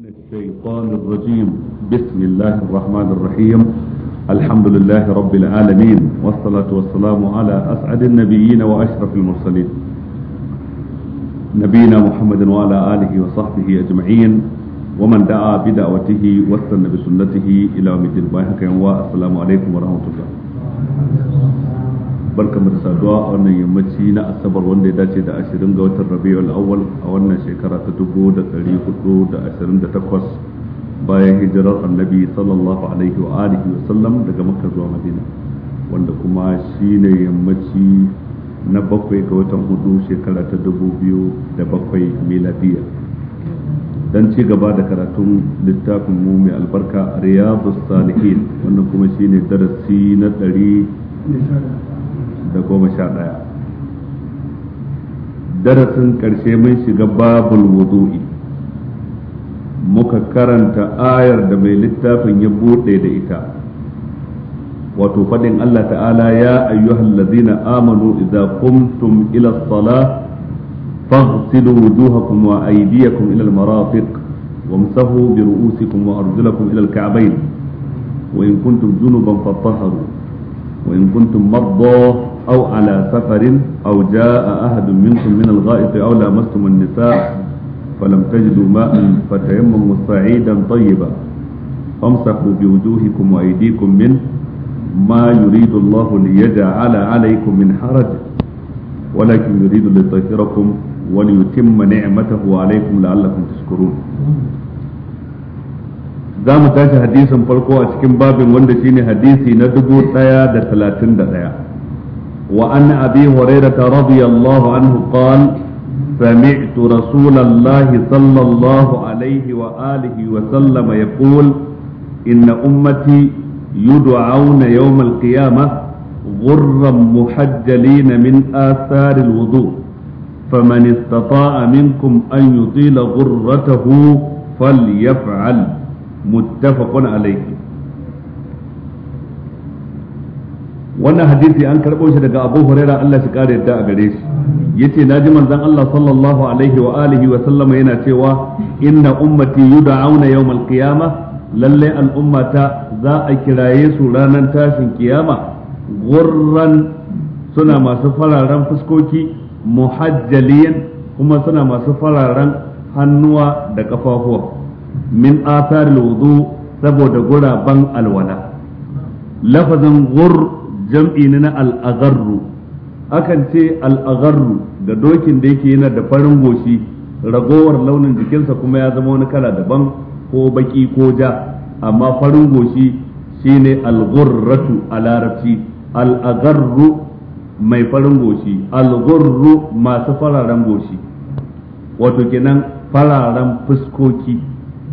من الشيطان الرجيم بسم الله الرحمن الرحيم الحمد لله رب العالمين والصلاة والسلام على أسعد النبيين وأشرف المرسلين نبينا محمد وعلى آله وصحبه أجمعين ومن دعا بدعوته واستنى بسنته إلى يوم الدين السلام عليكم ورحمة الله barkamu da saduwa a wannan yammaci na asabar wanda ya dace da ashirin ga watan rabiul awwal a wannan shekara ta dubu da takwas bayan hijirar annabi sallallahu alaihi wa alihi wa sallam daga makka zuwa madina wanda kuma shi ne yammaci na bakwai ga watan hudu shekara ta dubu biyu da bakwai miladiya dan ci gaba da karatun littafin mu mai albarka riyadus salihin wannan kuma shine darasi na 100 da goma sha ɗaya darasin ƙarshe mun shiga babul wudu'i muka karanta ayar da mai littafin ya buɗe da ita wato faɗin Allah ta'ala ya ayyuhal ladzina amanu idza qumtum ila salah faghsilu wujuhakum wa aydiyakum ila al wamsahu bi ru'usikum wa arjulakum ila al-ka'bayn wa in kuntum junuban fatahharu wa in kuntum mardah أو على سفر أو جاء أحد منكم من الغائط أو لامستم النساء فلم تجدوا ماء فتيمموا صعيدا طيبا فامسحوا بوجوهكم وأيديكم منه ما يريد الله ليجعل عليكم من حرج ولكن يريد ليطهركم وليتم نعمته عليكم لعلكم تشكرون za mu tashi hadisin farko a cikin babin wanda shine hadisi na dubu ɗaya da talatin da ɗaya وأن أبي هريرة رضي الله عنه قال سمعت رسول الله صلى الله عليه وآله وسلم يقول إن أمتي يدعون يوم القيامة غرا محجلين من آثار الوضوء فمن استطاع منكم أن يطيل غرته فليفعل متفق عليه wannan hadisi an karɓo shi daga Abu Huraira Allah shi kare yadda a gare shi yace ji manzon Allah sallallahu alaihi wa alihi wa sallama yana cewa inna ummati yud'auna yawmal qiyamah lalle al'ummata za a kiraye su ranar tashin kiyama gurran suna masu fararen fuskoki muhajjaliyan kuma suna masu fararen hannuwa da kafafuwa min atharil saboda guraben alwala lafazin gur jam'i ne na al'azarru akan ce al'azarru da dokin da yake yana da farin goshi ragowar launin jikinsa kuma ya zama wani kala daban ko baki ko ja amma farin goshi shine al a larabci al mai farin goshi al masu fararen goshi wato kenan fararen fuskoki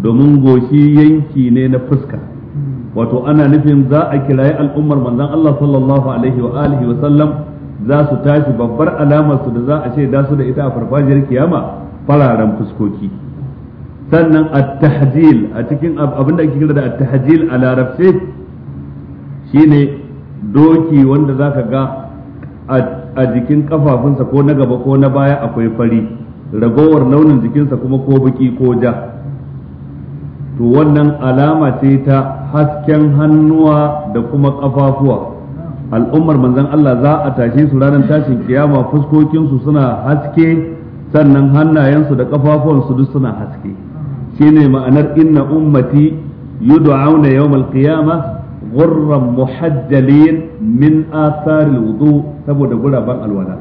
domin goshi yanki ne na fuska wato ana nufin za a kirayi al'ummar manzon Allah sallallahu alaihi wa alihi wa sallam za su tashi babbar alamar su da za a shaida su da ita a farfajiyar kiyama fararen fuskoki sannan at-tahjil a cikin abin da ake kira da at-tahjil a larabce shine doki wanda zaka ga a jikin kafafunsa ko na gaba ko na baya akwai fari ragowar launin jikinsa kuma ko baki ko ja to wannan alama ce ta hasken hannuwa da kuma kafafuwa al'ummar manzan Allah za a tashe su ranar tashin kiyama fuskokinsu suna haske sannan hannayensu da kafafuwansu duk suna haske shine ma'anar inna ummati yud'auna yawmal qiyamah ghurran muhajjalin min athar wudu saboda guraben alwala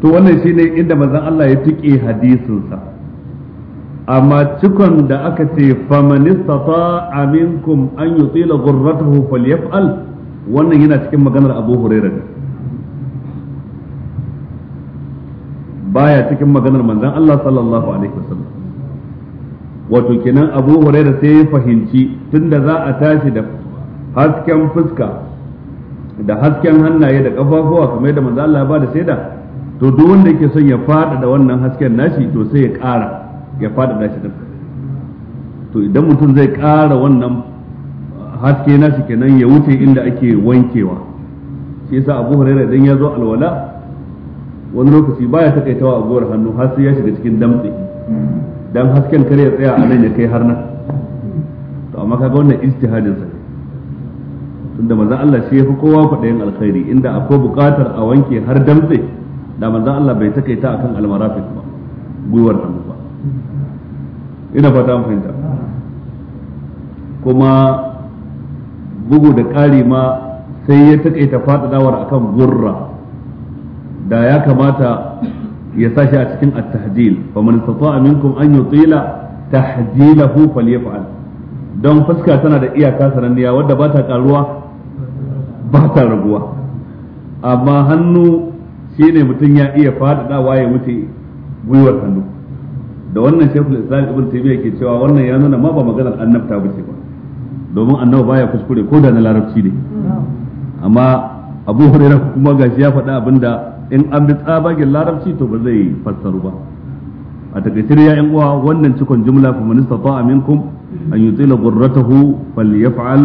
to wannan shine inda manzan Allah ya tuke hadisinsa amma cikon da aka ce famanista ta aminkum an yutila ghurratahu falyaf'al wannan yana cikin maganar Abu Hurairah baya cikin maganar manzan Allah sallallahu alaihi wasallam wato kenan Abu hurairar sai ya fahimci tunda za a tashi da hasken fuska da hasken hannaye da kafafuwa kamar yadda manzan Allah ya bada shaida to duk wanda yake son ya fada da wannan hasken nashi to sai ya ƙara ya fada da shi din to idan mutum zai ƙara wannan haske na nashi kenan ya wuce inda ake wankewa shi yasa abu hurairah idan ya zo alwala wani lokaci baya takaitawa a gowar hannu har sai ya shiga cikin damtse dan hasken kare ya tsaya a nan ya kai har nan to amma kaga wannan istihadin sa tunda manzon Allah shi yafi kowa kwaɗayin alkhairi inda akwai buƙatar a wanke har damtse da manzon Allah bai takaita akan almarafiq ba gwiwar hannu ba ina fata an fahimta kuma bugu da ƙari ma sai ya taƙaita faɗaɗawar akan gurra da ya kamata ya sa shi a cikin at-tahjil fa man istata'a minkum an yutila tahjilahu falyaf'al don fuska tana da iyaka sananniya wadda ba ta karuwa ba ta raguwa amma hannu shine mutum ya iya faɗaɗawa ya wuce gwiwar hannu da wannan shekul islam ibn taymiya ke cewa wannan ya nuna ma ba maganar annabta ba ce ba domin annabi baya kuskure ko da na larabci ne amma abu hurera kuma gashi ya faɗa abinda in an bi tsabagen larabci to ba zai fassaru ba a takaitar ya yan uwa wannan cikon jumla fa man ta aminkum an fal ya falyaf'al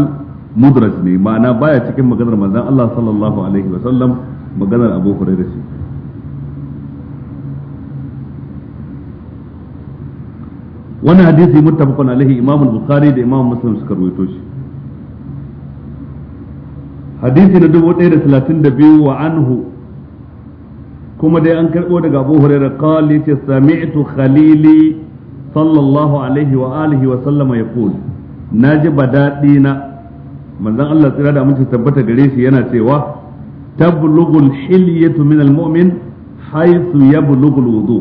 mudras ne ma'ana baya cikin maganar manzon Allah sallallahu alaihi wa sallam maganar abu huraira ce Wani hadisi muttafaqun alaihi imam al-bukhari da imam muslim suka rawaito shi hadisi na 1032 wa anhu kuma dai an karbo daga Abu Hurairah qali ta sami'tu khalili sallallahu alaihi wa alihi wa sallama yaqul naji badadi na manzon Allah tsira da mun tabbata gare shi yana cewa tablughul hilyatu min al-mu'min haythu yablughu al-wudu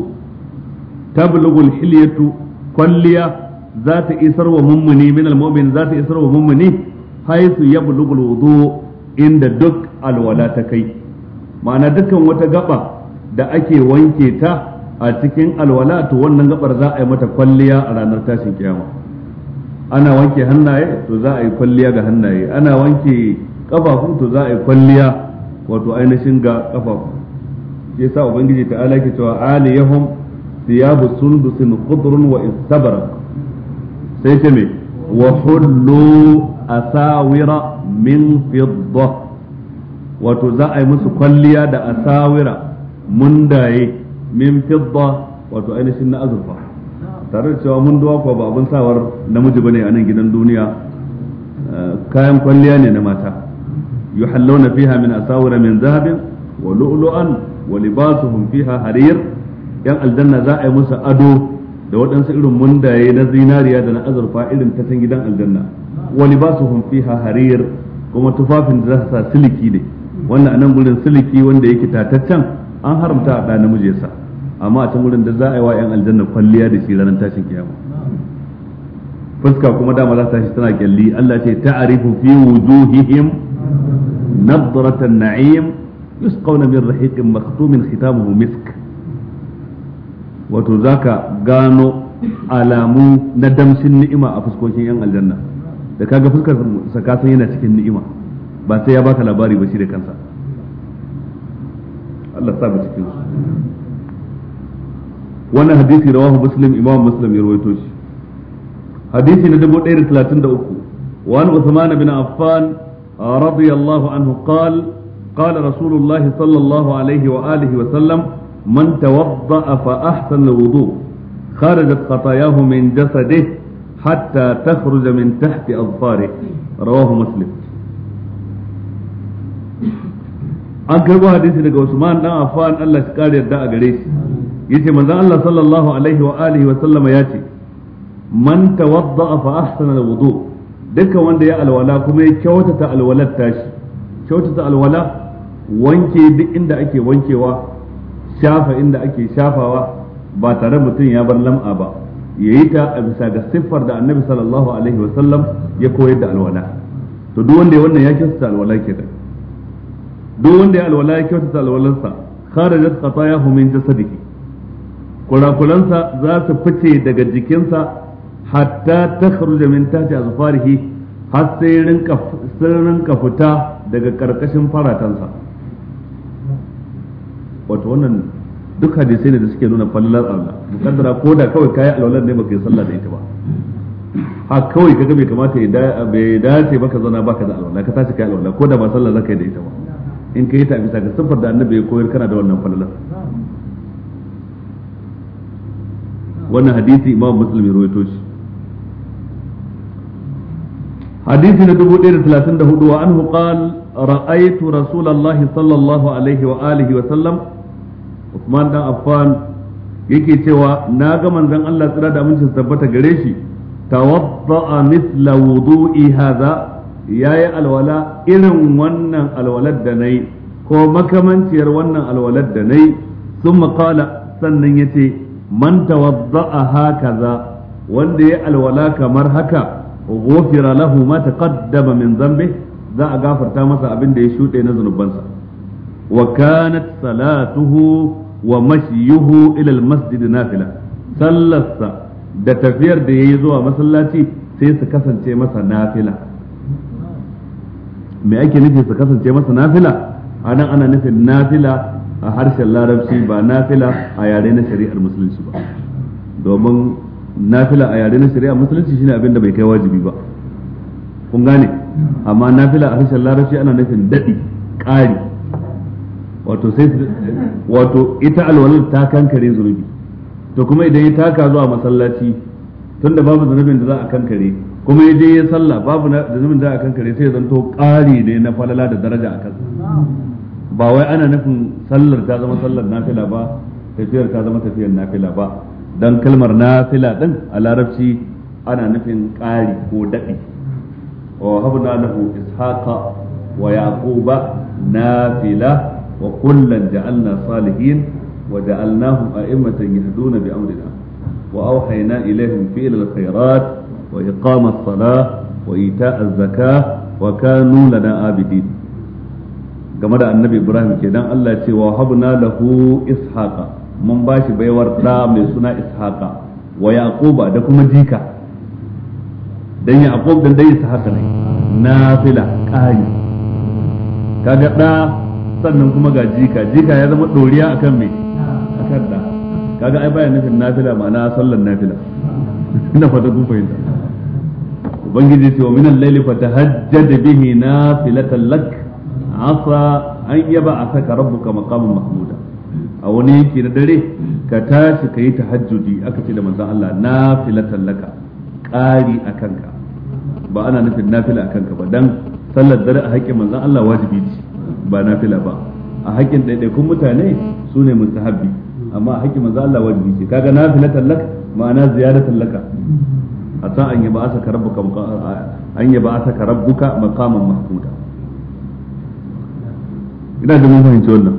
tablughul hilyatu kwalliya za ta isar wa mummuni min almu'min za ta isar wa mummuni haisu yablughul wudu inda duk alwala ta kai ma'ana dukkan wata gaba da ake wanke ta a cikin alwala to wannan gabar za a yi mata kwalliya a ranar tashin kiyama ana wanke hannaye to za a yi kwalliya ga hannaye ana wanke kafafu to za a yi kwalliya wato ainihin ga kafafu yasa ubangiji ta'ala ke cewa aliyahum thiyabu sundusin kudrun wa istabrak sai ce me wa hullu asawira min fidda wato za a yi musu kwalliya da asawira mundaye min fidda wato ainihin na azurfa tare da cewa mun duwa ba abin sawar namiji bane a nan gidan duniya eh, kayan kwalliya ne na mata yuhallawna fiha min asawira min zahabin wa lu'lu'an wa libasuhum fiha harir yan aljanna za a yi musu ado da waɗansu irin mundaye na zinariya da na azurfa irin ta can gidan aljanna wa libasuhum fiha harir kuma tufafin da za su sa siliki ne wannan anan gurin siliki wanda yake tataccen an haramta a ɗa namiji amma a can gurin da za a yi wa yan aljanna kwalliya da shi ranar tashin kiyama fuska kuma dama za ta shi tana kyalli Allah ce ta'rifu fi wujuhihim nadratan na'im yusqawna min rahiqin maktumin khitamuhu misk wato za ka gano alamu na damshin ni'ima a fuskokin yan aljanna da kaga fuskar sa ka san yana cikin ni'ima ba sai ya baka labari ba shi da kansa Allah sa cikin su wannan hadisi rawahu muslim imam muslim ya rawaito shi hadisi na 1133 wa an usman bin affan radiyallahu anhu qala قال رسول الله صلى الله wa sallam. من توضأ فأحسن الوضوء خرجت خطاياه من جسده حتى تخرج من تحت أظفاره رواه مسلم an karbo hadisi daga Usman dan Affan Allah shi kare yadda a gare shi yace manzon Allah sallallahu alaihi wa alihi wa sallama yace man tawadda'a fa ahsana al-wudu dukkan wanda ya alwala kuma ya kyautata alwalar tashi kyautata alwala wanke duk inda ake wankewa shafa inda ake shafawa ba tare mutum ya bar lam'a ba ya yi ta a bisa ga siffar da annabi sallallahu alaihi wasallam ya koyar da alwala to duk wanda ya wannan ya kyautata alwala kenan duk wanda ya alwala ya kyautata alwalarsa kharajat qatayahu min jasadihi kurakuransa za su fice daga jikinsa hatta ta kharuja min tahti azfarihi har sai rinka fita daga ƙarƙashin faratansa wato wannan duk hadisai ne da suke nuna fallar Allah mukaddara ko da kawai kayi alwalar ne baka yi sallah da ita ba ha kawai kaga bai kamata ya bai dace baka zauna baka da alwala ka tashi kai alwala ko da ba sallah zaka yi da ita ba in kai ta bisa ga sifar da annabi ya koyar kana da wannan fallar wannan hadisi imam muslim ya rawaito shi حديث ندبو دير ثلاثين wa وعنه قال رأيت رسول الله صلى الله عليه وآله وسلم Usman dan Affan yake cewa na ga manzon Allah tsira da amincin tabbata gare shi tawadda'a mithla wudu'i hadha yayi alwala irin wannan alwalar da nayi ko makamanciyar wannan alwalar da nayi thumma qala sannan yace man tawadda'a hakaza wanda ya alwala kamar haka ghufira lahu ma taqaddama min zambe za a gafarta masa abin da ya shuɗe na zunubansa wa kanat salatuhu wa mashyuhu ila almasjid nafila sallarsa da tafiyar da yayi zuwa masallaci sai su kasance masa nafila me ake nufi su kasance masa nafila anan ana nufin nafila a harshen larabci ba nafila a yare na shari'ar musulunci ba domin nafila a yare na shari'ar musulunci shine abin da bai kai wajibi ba kun gane amma nafila a harshen larabci ana nufin daɗi ƙari wato sai wato ita alwalar ta kankare zunubi to kuma idan ya taka zuwa masallaci tunda babu zunubin da za a kankare kuma idan ya sallah babu zunubin da za a kankare sai ya zanto ƙari ne na falala da daraja a kansa ba wai ana nufin sallar ta zama sallar nafila ba tafiyar ta zama tafiyar nafila ba dan kalmar nafila din a larabci ana nufin ƙari ko daɗi wa habna lahu ishaqa wa yaquba nafila wa kullan ja'alna salihin wa ja'alnahum a'immatan yahduna bi amrina wa auhaina Ilahin fi'l al-khairat wa iqam as wa ita az-zakah wa kanu lana abidin game da annabi Ibrahim kenan Allah ya ce wa habna lahu ishaqa mun bashi baiwar da mai suna ishaqa wa yaquba da kuma jika dan yaqub dan dai ishaqa ne nafila kai kaga da sannan kuma ga jika jika ya zama doriya akan me akan da kaga ai bayan nufin nafila ma'ana sallan nafila ina fata kun fahimta ubangiji ce wa min al-layli fatahajjad bihi nafilatan lak asa an yaba asaka rabbuka maqaman mahmuda a wani yanki na dare ka tashi ka yi tahajjudi aka ce da manzon Allah nafilatan laka kari a kanka ba ana nufin nafila a kanka ba dan sallar dare a haƙƙin manzon Allah wajibi ce ba na fila ba a haƙƙin ɗaiɗaikun mutane su ne mustahabbi amma a haƙƙin manzo Allah wajibi ce kaga fila tallak ma'ana ziyara tallaka a sa an ba asaka rabbuka an yaba asaka rabbuka maqaman mahmuda ina da mun fahimci wannan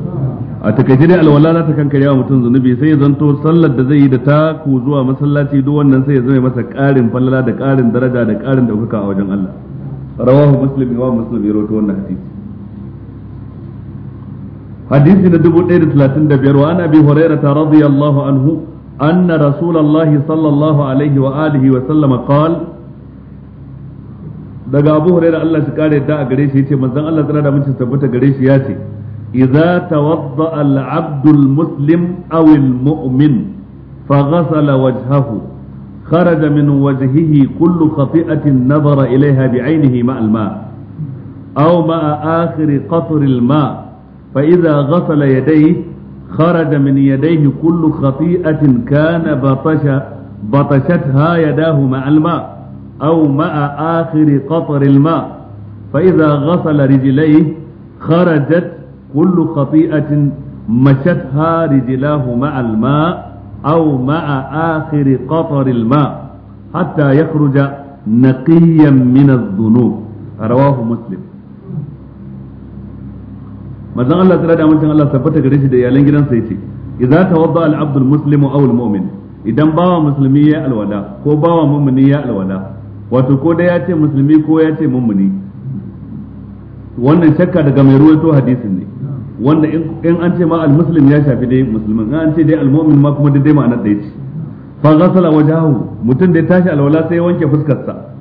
a takaice dai alwala za ta kankare wa mutum zunubi sai ya zanto sallar da zai yi da taku zuwa masallaci duk wannan sai ya zama masa ƙarin falala da ƙarin daraja da ƙarin ɗaukaka a wajen Allah rawahu muslim wa muslim ya rawaito wannan hadisi hadisi na 1035 wa ana bi hurairata radiyallahu anhu أن رسول الله صلى الله عليه وآله وسلم قال daga Abu Hurairah Allah shi kare da a gare shi yace manzon Allah tsara da mace tabbata gare shi yace idza tawadda al abdul muslim aw al-mu'min faghasala wajhahu kharaja min wajhihi kullu khati'atin nadara ilayha bi'aynihi ma al-ma aw ma akhir qatr al-ma' فإذا غسل يديه خرج من يديه كل خطيئة كان بطش بطشتها يداه مع الماء أو مع آخر قطر الماء فإذا غسل رجليه خرجت كل خطيئة مشتها رجلاه مع الماء أو مع آخر قطر الماء حتى يخرج نقيا من الذنوب رواه مسلم manzon Allah tsira da mutum Allah tabbata gare shi da iyalan gidansa yace idza tawadda al al muslimu aw al mu'min idan bawa musulmi ya alwala ko bawa mummuni ya alwala wato ko dai ya ce musulmi ko ya ce mummuni wannan shakka daga mai ruwaito hadisin ne wanda in an ce ma al muslim ya shafi dai musulmin in an ce dai al mu'min ma kuma dai ma'anar da yace fa ghasala wajahu mutum da ya tashi alwala sai ya wanke fuskarsa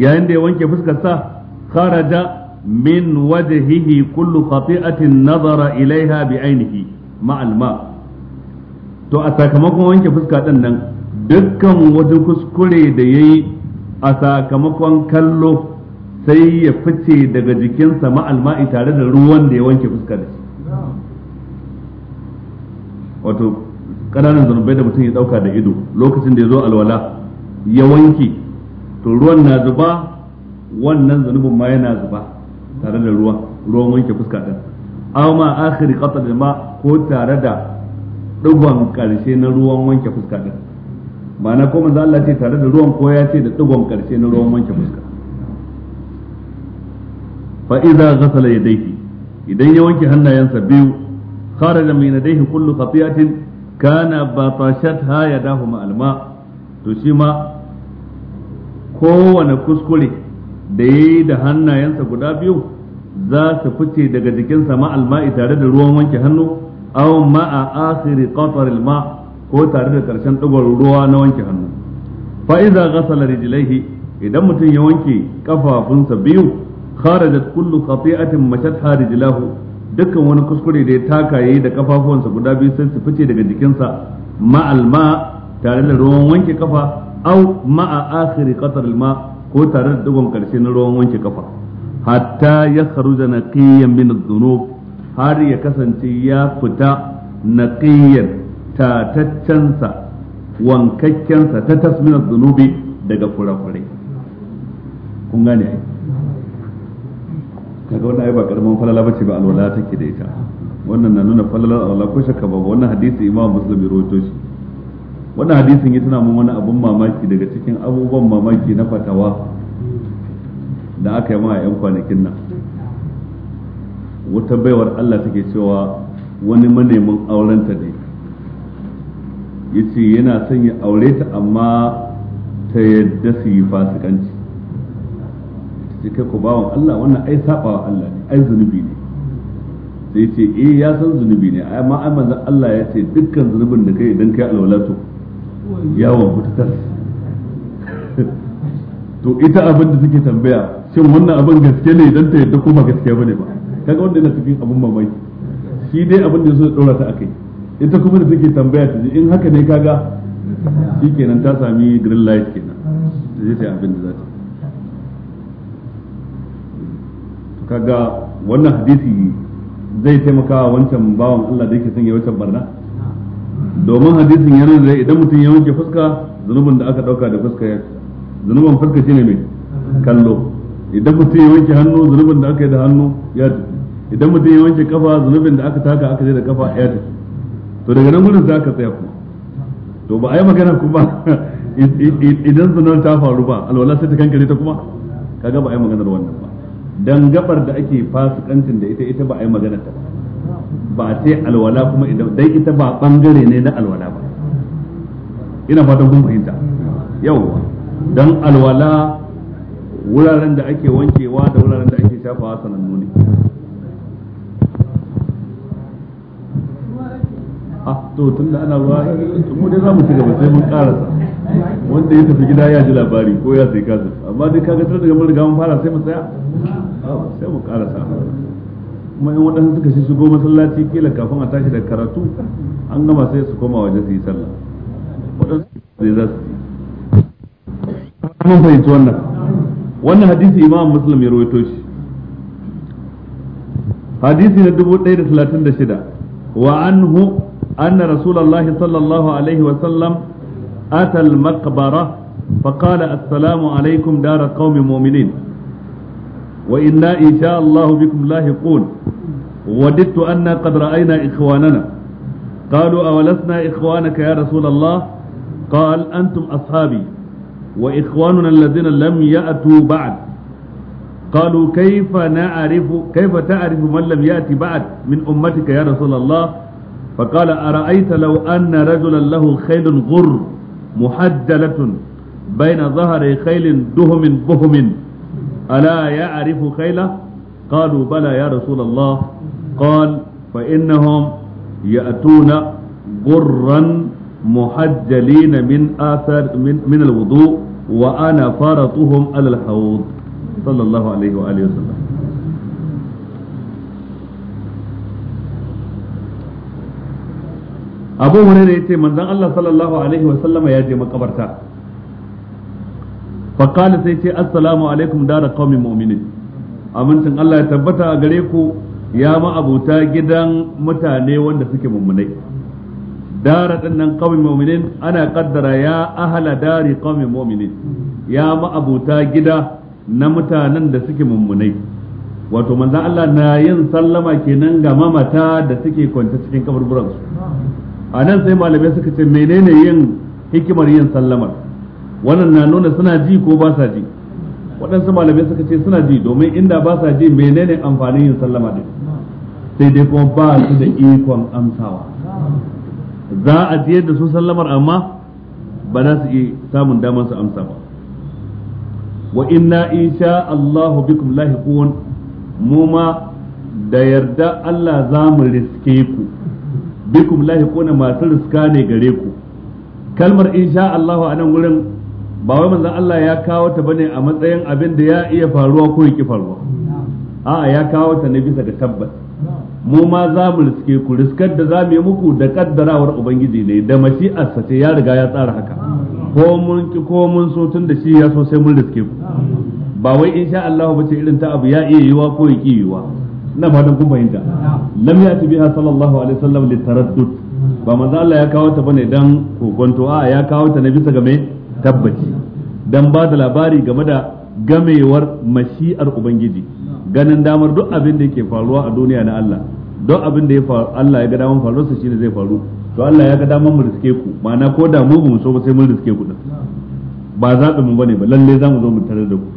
yayin da ya wanke fuskarsa kharaja من وجهه كل خطيئة نظر إليها بعينه مع الماء to a sakamakon wanke fuska ɗin nan dukkan wata kuskure da ya yi kallo sai ya fice daga jikinsa ma'alma'i tare da ruwan da ya wanke fuska da shi wato ƙananan zanubai da mutum ya ɗauka da ido lokacin da ya zo alwala ya wanke to ruwan na zuba wannan zanubin ma yana zuba tare da ruwa ruwan wanke fuska din amma ma akhir da ma ko tare da digon karshe na ruwan wanke fuska din ma'ana ko manzo Allah ce tare da ruwan ko ya ce da digon karshe na ruwan wanke fuska fa idza ghasala yadayhi idan ya wanke hannayensa biyu kharaja min yadayhi kullu khati'atin kana batashatha yadahu ma alma to shi ma kowane kuskure da ya yi da hannayensa guda biyu za su fice daga jikinsa ma alma'i tare da ruwan wanke hannu aw ma'a akhiri qatar alma ko tare da karshen digar ruwa na wanke hannu fa idza ghasala rijlaihi idan mutum ya wanke kafafunsa biyu kharajat kullu khati'atin mashat harijlahu dukkan wani kuskure da ya taka yayi da kafafuwansa guda biyu sai su fice daga jikinsa ma alma tare da ruwan wanke kafa aw ma'a akhiri qatar alma ko tare da dugon karshe na ruwan wanke kafa hatta ya kharuja naqiyan min adh-dhunub har ya kasance ya fita naqiyan tataccensa wankakkensa ta tasminar zunubi daga kurakurai kun gane ai kaga wannan ai ba karaman falala bace ba alwala take da ita wannan na nuna falala alwala ko shakka ba wannan hadisi imam muslim ya rawaito shi wannan hadisin yana tana mun wani abun mamaki daga cikin abubuwan mamaki na fatawa da aka yi ma yan kwanakin nan wata baiwar Allah take cewa wani manemin aurenta ne ya ce yana son ya aure ta amma ta yadda su yi fasikanci ce kai ku bawan Allah wannan ai sabawa Allah ne ai zunubi ne sai ce eh ya san zunubi ne amma ai manzon Allah ya ce dukkan zunubin da kai idan kai alwalato to yawon fitatar to ita abin da suke tambaya shin wannan abin gaske ne dan ta yadda ko ba gaskiya bane ba kaga wanda yana cikin abin mamaki shi dai abin da yaso ya daura ta akai ita kuma da take tambaya ta in haka ne kaga shikenan ta sami green light kenan ta zai ta abin da za ta kaga wannan hadisi zai taimaka wancan bawan Allah da yake son ya wancan barna domin hadisin yana da idan mutum ya wanke fuska zunubin da aka dauka da fuska ya zunubin fuska shine mai kallo idan mutum ya wanke hannu zunubin da aka yi da hannu ya tafi idan mutum ya wanke kafa zunubin da aka taka aka yi da kafa ya tafi to daga nan gudun za ka tsaya kuma to ba a yi magana kuma idan zunar ta faru ba alwala sai ta kankare ta kuma kaga ba a yi maganar wannan ba dan gabar da ake fasikancin da ita ita ba a yi magana ta ba ba a ce alwala kuma idan dai ita ba bangare ne na alwala ba ina fatan kun fahimta Yau, dan alwala wuraren da ake wankewa da wuraren da ake shafawa sanannu ne a ah, to tun da ana ruwa mu dai za mu ci gaba sai mun karasa wanda ya tafi gida ya ji labari ko ya sai kasa amma dai kaga tun daga mun riga mun fara sai mu tsaya ah, sai mu karasa kuma in waɗansu suka shi shigo masallaci kila kafin a tashi da karatu an gama sai su koma waje su yi sallah waɗansu zai za su yi wannan wannan hadisi imam muslim ya rawaito shi hadisi na dubu ɗaya da talatin da shida wa anhu anna rasulullahi sallallahu alaihi wa sallam atal maqbara fa qala assalamu alaikum dara qaumi mu'minin wa inna insha Allah bikum lahiqun وددت أن قد رأينا إخواننا قالوا أولسنا إخوانك يا رسول الله قال أنتم أصحابي وإخواننا الذين لم يأتوا بعد قالوا كيف نعرف كيف تعرف من لم يأتي بعد من أمتك يا رسول الله فقال أرأيت لو أن رجلا له خيل غر محجلة بين ظهر خيل دهم بهم ألا يعرف خيله قالوا بلى يا رسول الله قال فإنهم يأتون غرا muhajjalina min athar min alwudu wa ana faratuhum ala alhawd sallallahu alaihi wa alihi wasallam Abu Hurairah yace manzon Allah sallallahu alaihi wa sallama ya je makabarta fa qala ce assalamu alaikum dara qaumin mu'minin amincin Allah ya tabbata gare ku ya ma'abuta gidan mutane wanda suke mummunai dara din nan mominin ana kaddara ya ahla dari qaumin mu'minin ya ma'abuta gida na mutanen da suke mummunai wato manzo Allah na yin sallama kenan ga mamata da suke kwanta cikin kaburburan su anan sai malamai suka ce menene yin hikimar yin sallamar wannan na nuna suna ji ko ba sa ji waɗansu malamai suka ce suna ji domin inda ba sa ji menene amfanin yin sallama din sai dai kuma ba su da ikon amsawa za a jiyar da su sallamar amma ba za su iya samun damar su amsa ba wa inna insha Allahu bikum lahiqun mu ma da yarda Allah za mu riske ku bikum lahiqun masu riska ne gare ku kalmar insha Allahu a nan wurin ba wai manzon Allah ya kawo ta bane a matsayin abin da ya iya faruwa ko ya ki faruwa a'a ya kawo ta ne bisa ga tabbas mu ma za mu riske ku riskar da za mu yi muku da kaddarawar ubangiji ne da mashi'arsa sace ya riga ya tsara haka ko mun ki ko mun so tun da shi ya so sai mun riske ku ba wai insha Allah ba ce irin ta abu ya iya yiwa ko ya ki yiwa ina fatan kun fahimta lam yati biha sallallahu alaihi wasallam taraddud ba manzo Allah ya kawo ta bane dan kokonto a ya kawo ta na bisa game tabbaci dan ba da labari game da gamewar mashi'ar ubangiji ganin damar duk abin da yake faruwa a duniya na Allah duk abin da ya faru Allah ya ga damar faruwa faruwarsa shine zai faru to Allah ya ga damar mu riske ku ma'ana ko da mu mu so ba sai mun riske ku din ba zaɓin mu bane ba lalle za mu zo mu tare da ku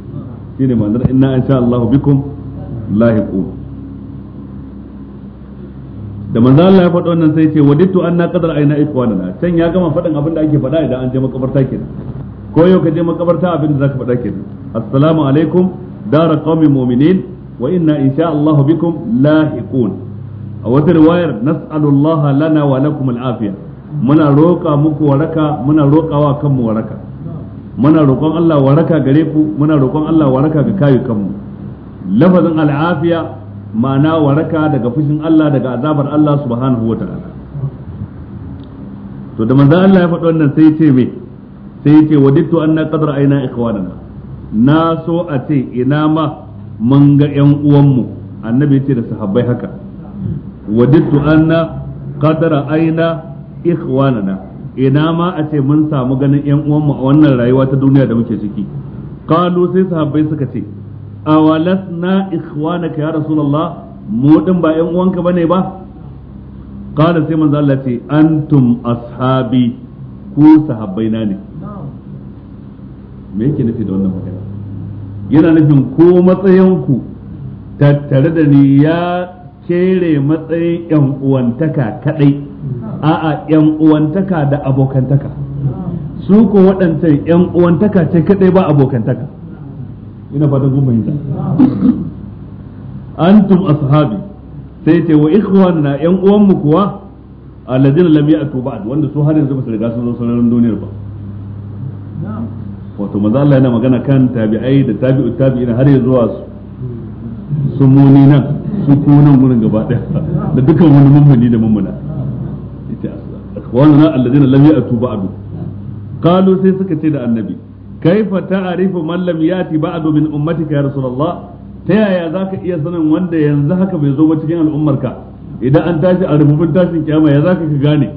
shine ma'anar inna insha Allah bikum lahiqu da manzo Allah ya faɗo wannan sai ce wadittu anna qadar aina ikwanana can ya gama faɗin abin da ake faɗa idan an je makabarta kenan ko yau ka je makabarta abin da zaka faɗa kenan assalamu alaikum dara qaumin mu'minin wa inna insha Allah bikum lahiqun a wata riwayar nas'alu Allah lana wa lakum al'afiya muna roƙa muku waraka muna roƙawa kanmu waraka muna roƙon Allah waraka gare ku muna roƙon Allah waraka ga kanmu. lafazin al'afiya ma'ana waraka daga fushin Allah daga azabar Allah subhanahu wa to da manzon Allah ya faɗi wannan sai ce me sai yace wadittu anna qadra aina ikhwanana na so a ce ina ma mun ga yan uwanmu annabi yace da sahabbai haka wadittu anna qadra aina ikhwanana ina ma a ce mun samu ganin yan uwanmu a wannan rayuwa ta duniya da muke ciki qalu sai sahabbai suka ce awalasna ikhwanaka ya rasulullah mu din ba yan uwanka bane ba qala sai manzo Allah ce antum ashabi ku sahabbaina ne me yake nufi da wannan magana yana nufin ko matsayanku tattare da ni ya kere matsayin yan uwantaka kadai a'a yan uwantaka da abokantaka su ko waɗancan yan uwantaka ce kadai ba abokantaka ina fatan kun fahimta antum ashabi sai ce wa ikhwanna yan uwanmu kuwa alladina lam ya'tu ba'd wanda su har yanzu ba su riga sun zo sararin duniyar ba wato maza Allah yana magana kan tabi'ai da tabi'u tabi'ina har ya zuwa su muni nan su kunan gurin gaba daya da dukkan wani mummuni da mummuna ita akhwanuna alladheena lam ya'tu ba'du qalu sai suka ce da annabi kaifa ta'rifu man lam ya'ti ba'du min ummatika ya rasulullah ta yaya zaka iya sanin wanda yanzu haka bai zo ba cikin al'ummarka idan an tashi a rububin tashin kiyama ya zaka ka gane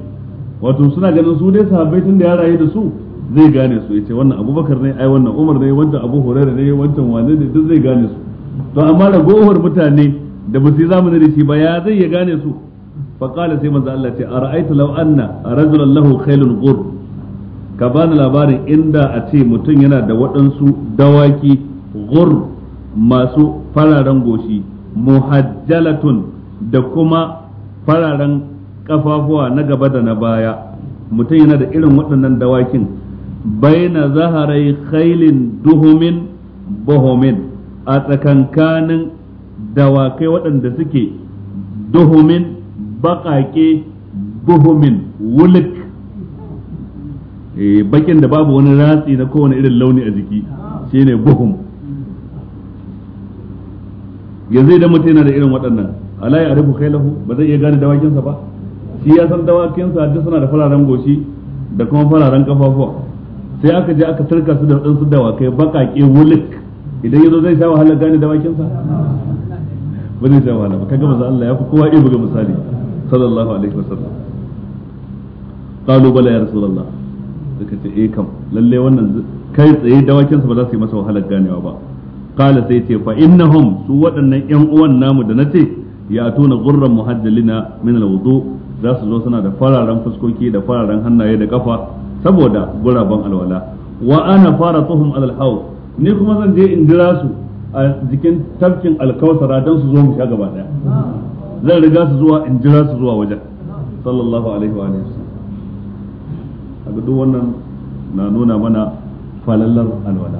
wato suna ganin su dai sahabbai tun da ya rayu da su zai gane su ya ce wannan abubakar ne ai wannan umar ne wancan abu horar ne wancan wane ne duk zai gane su to amma da ragowar mutane da ba su yi zamani da shi ba ya zai ya gane su fa qala sai manzo Allah ce ara'aita law anna rajulan lahu khailun qur ka bani labarin inda a ce mutum yana da waɗansu dawaki gur masu fararen goshi muhajjalatun da kuma fararen kafafuwa na gaba da na baya mutum yana da irin waɗannan dawakin baina zaharai khailin duhumin buhumin a tsakankanin dawakai waɗanda suke duhumin baƙaƙe buhumin wulik eh, bakin da babu wani ratsi na kowane irin launi a jiki shi ne buhum yanzu idan mutum yana da irin waɗannan Alayi ala ya arifu khailahu ba zai iya gane dawakinsa ba shi ya san dawakinsa duk suna da fararen goshi da kuma fararen kafafuwa sai aka je aka sarka su da waɗansu dawakai bakaƙe wulik idan yazo zai sha wahala gane dawakinsa ba zai sha wahala ba kaga manzo Allah ya fi kowa iya buga misali sallallahu alaihi wa sallam. qalu bala ya rasulullah suka ce eh kam lalle wannan kai tsaye dawakinsa ba za su yi masa wahalar ganewa ba qala sai ce fa innahum su waɗannan ƴan uwan namu da nace ya tuna gurran muhajjalina min alwudu za su zo suna da fararen fuskoki da fararen hannaye da kafa saboda guraben alwala wa ana fara tuhum alal haus ni kuma zan je in jira su a jikin tafkin alkawsara don su zo mu sha gaba daya zan riga su zuwa in jira su zuwa wajen sallallahu alaihi wa alihi kaga duk wannan na nuna mana falallar alwala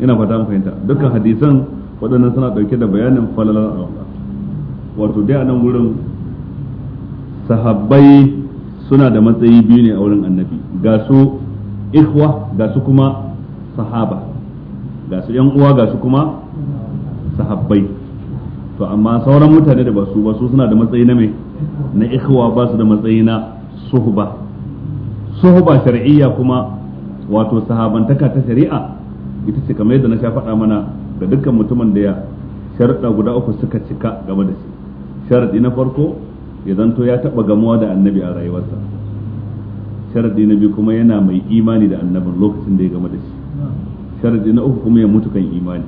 ina fata mu fahimta dukkan hadisan waɗannan suna ɗauke da bayanin falalar alwala wato dai a nan wurin sahabbai suna da matsayi biyu ne a wurin annabi ga su ikhwa ga su kuma sahaba ga su yan uwa ga su kuma sahabbai to amma sauran mutane da ba su ba su suna da matsayi na mai na ikhwa ba su da matsayi na suhba suhba shar'iyya kuma wato sahabantaka ta shari'a ita ce kamar yadda na sha faɗa mana ga dukkan mutumin da ya sharɗa guda uku suka cika game da shi sharadi na farko ya zanto ya taba gamuwa da annabi a rayuwarsa sharadi na biyu kuma yana mai imani da annabin lokacin da ya gama da shi sharadi na uku kuma ya mutu kan imani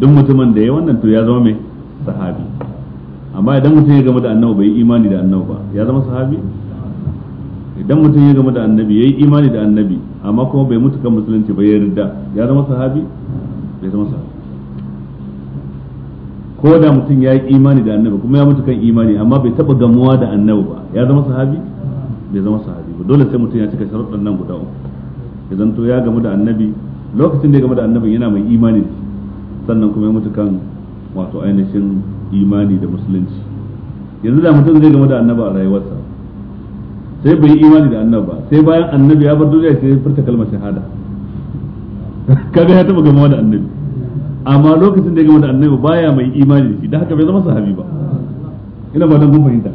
duk mutumin da ya wannan to ya zama mai sahabi amma idan mutum ya gama da annabi bai yi imani da annabi ba ya zama sahabi idan mutum ya gama da annabi ya yi imani da annabi amma kuma bai mutu kan musulunci ba ya yarda ya zama sahabi bai zama sahabi ko da mutum ya yi imani da annabi kuma ya mutu kan imani amma bai taba gamuwa da annabi ba ya zama sahabi bai zama sahabi ba dole sai mutum ya cika sharuɗan nan guda uku ya zanto ya gamu da annabi lokacin da ya gamu da annabi yana mai imani sannan kuma ya mutu kan wato ainihin imani da musulunci yanzu da mutum zai gamu da annabi a rayuwarsa sai bai yi imani da annabi ba sai bayan annabi ya bar duniya sai ya furta kalmar shahada kaga ya taba gamuwa da annabi amma lokacin da ya gama da annabi baya mai imani da shi da haka bai zama sahabi ba ina ba don kun fahimta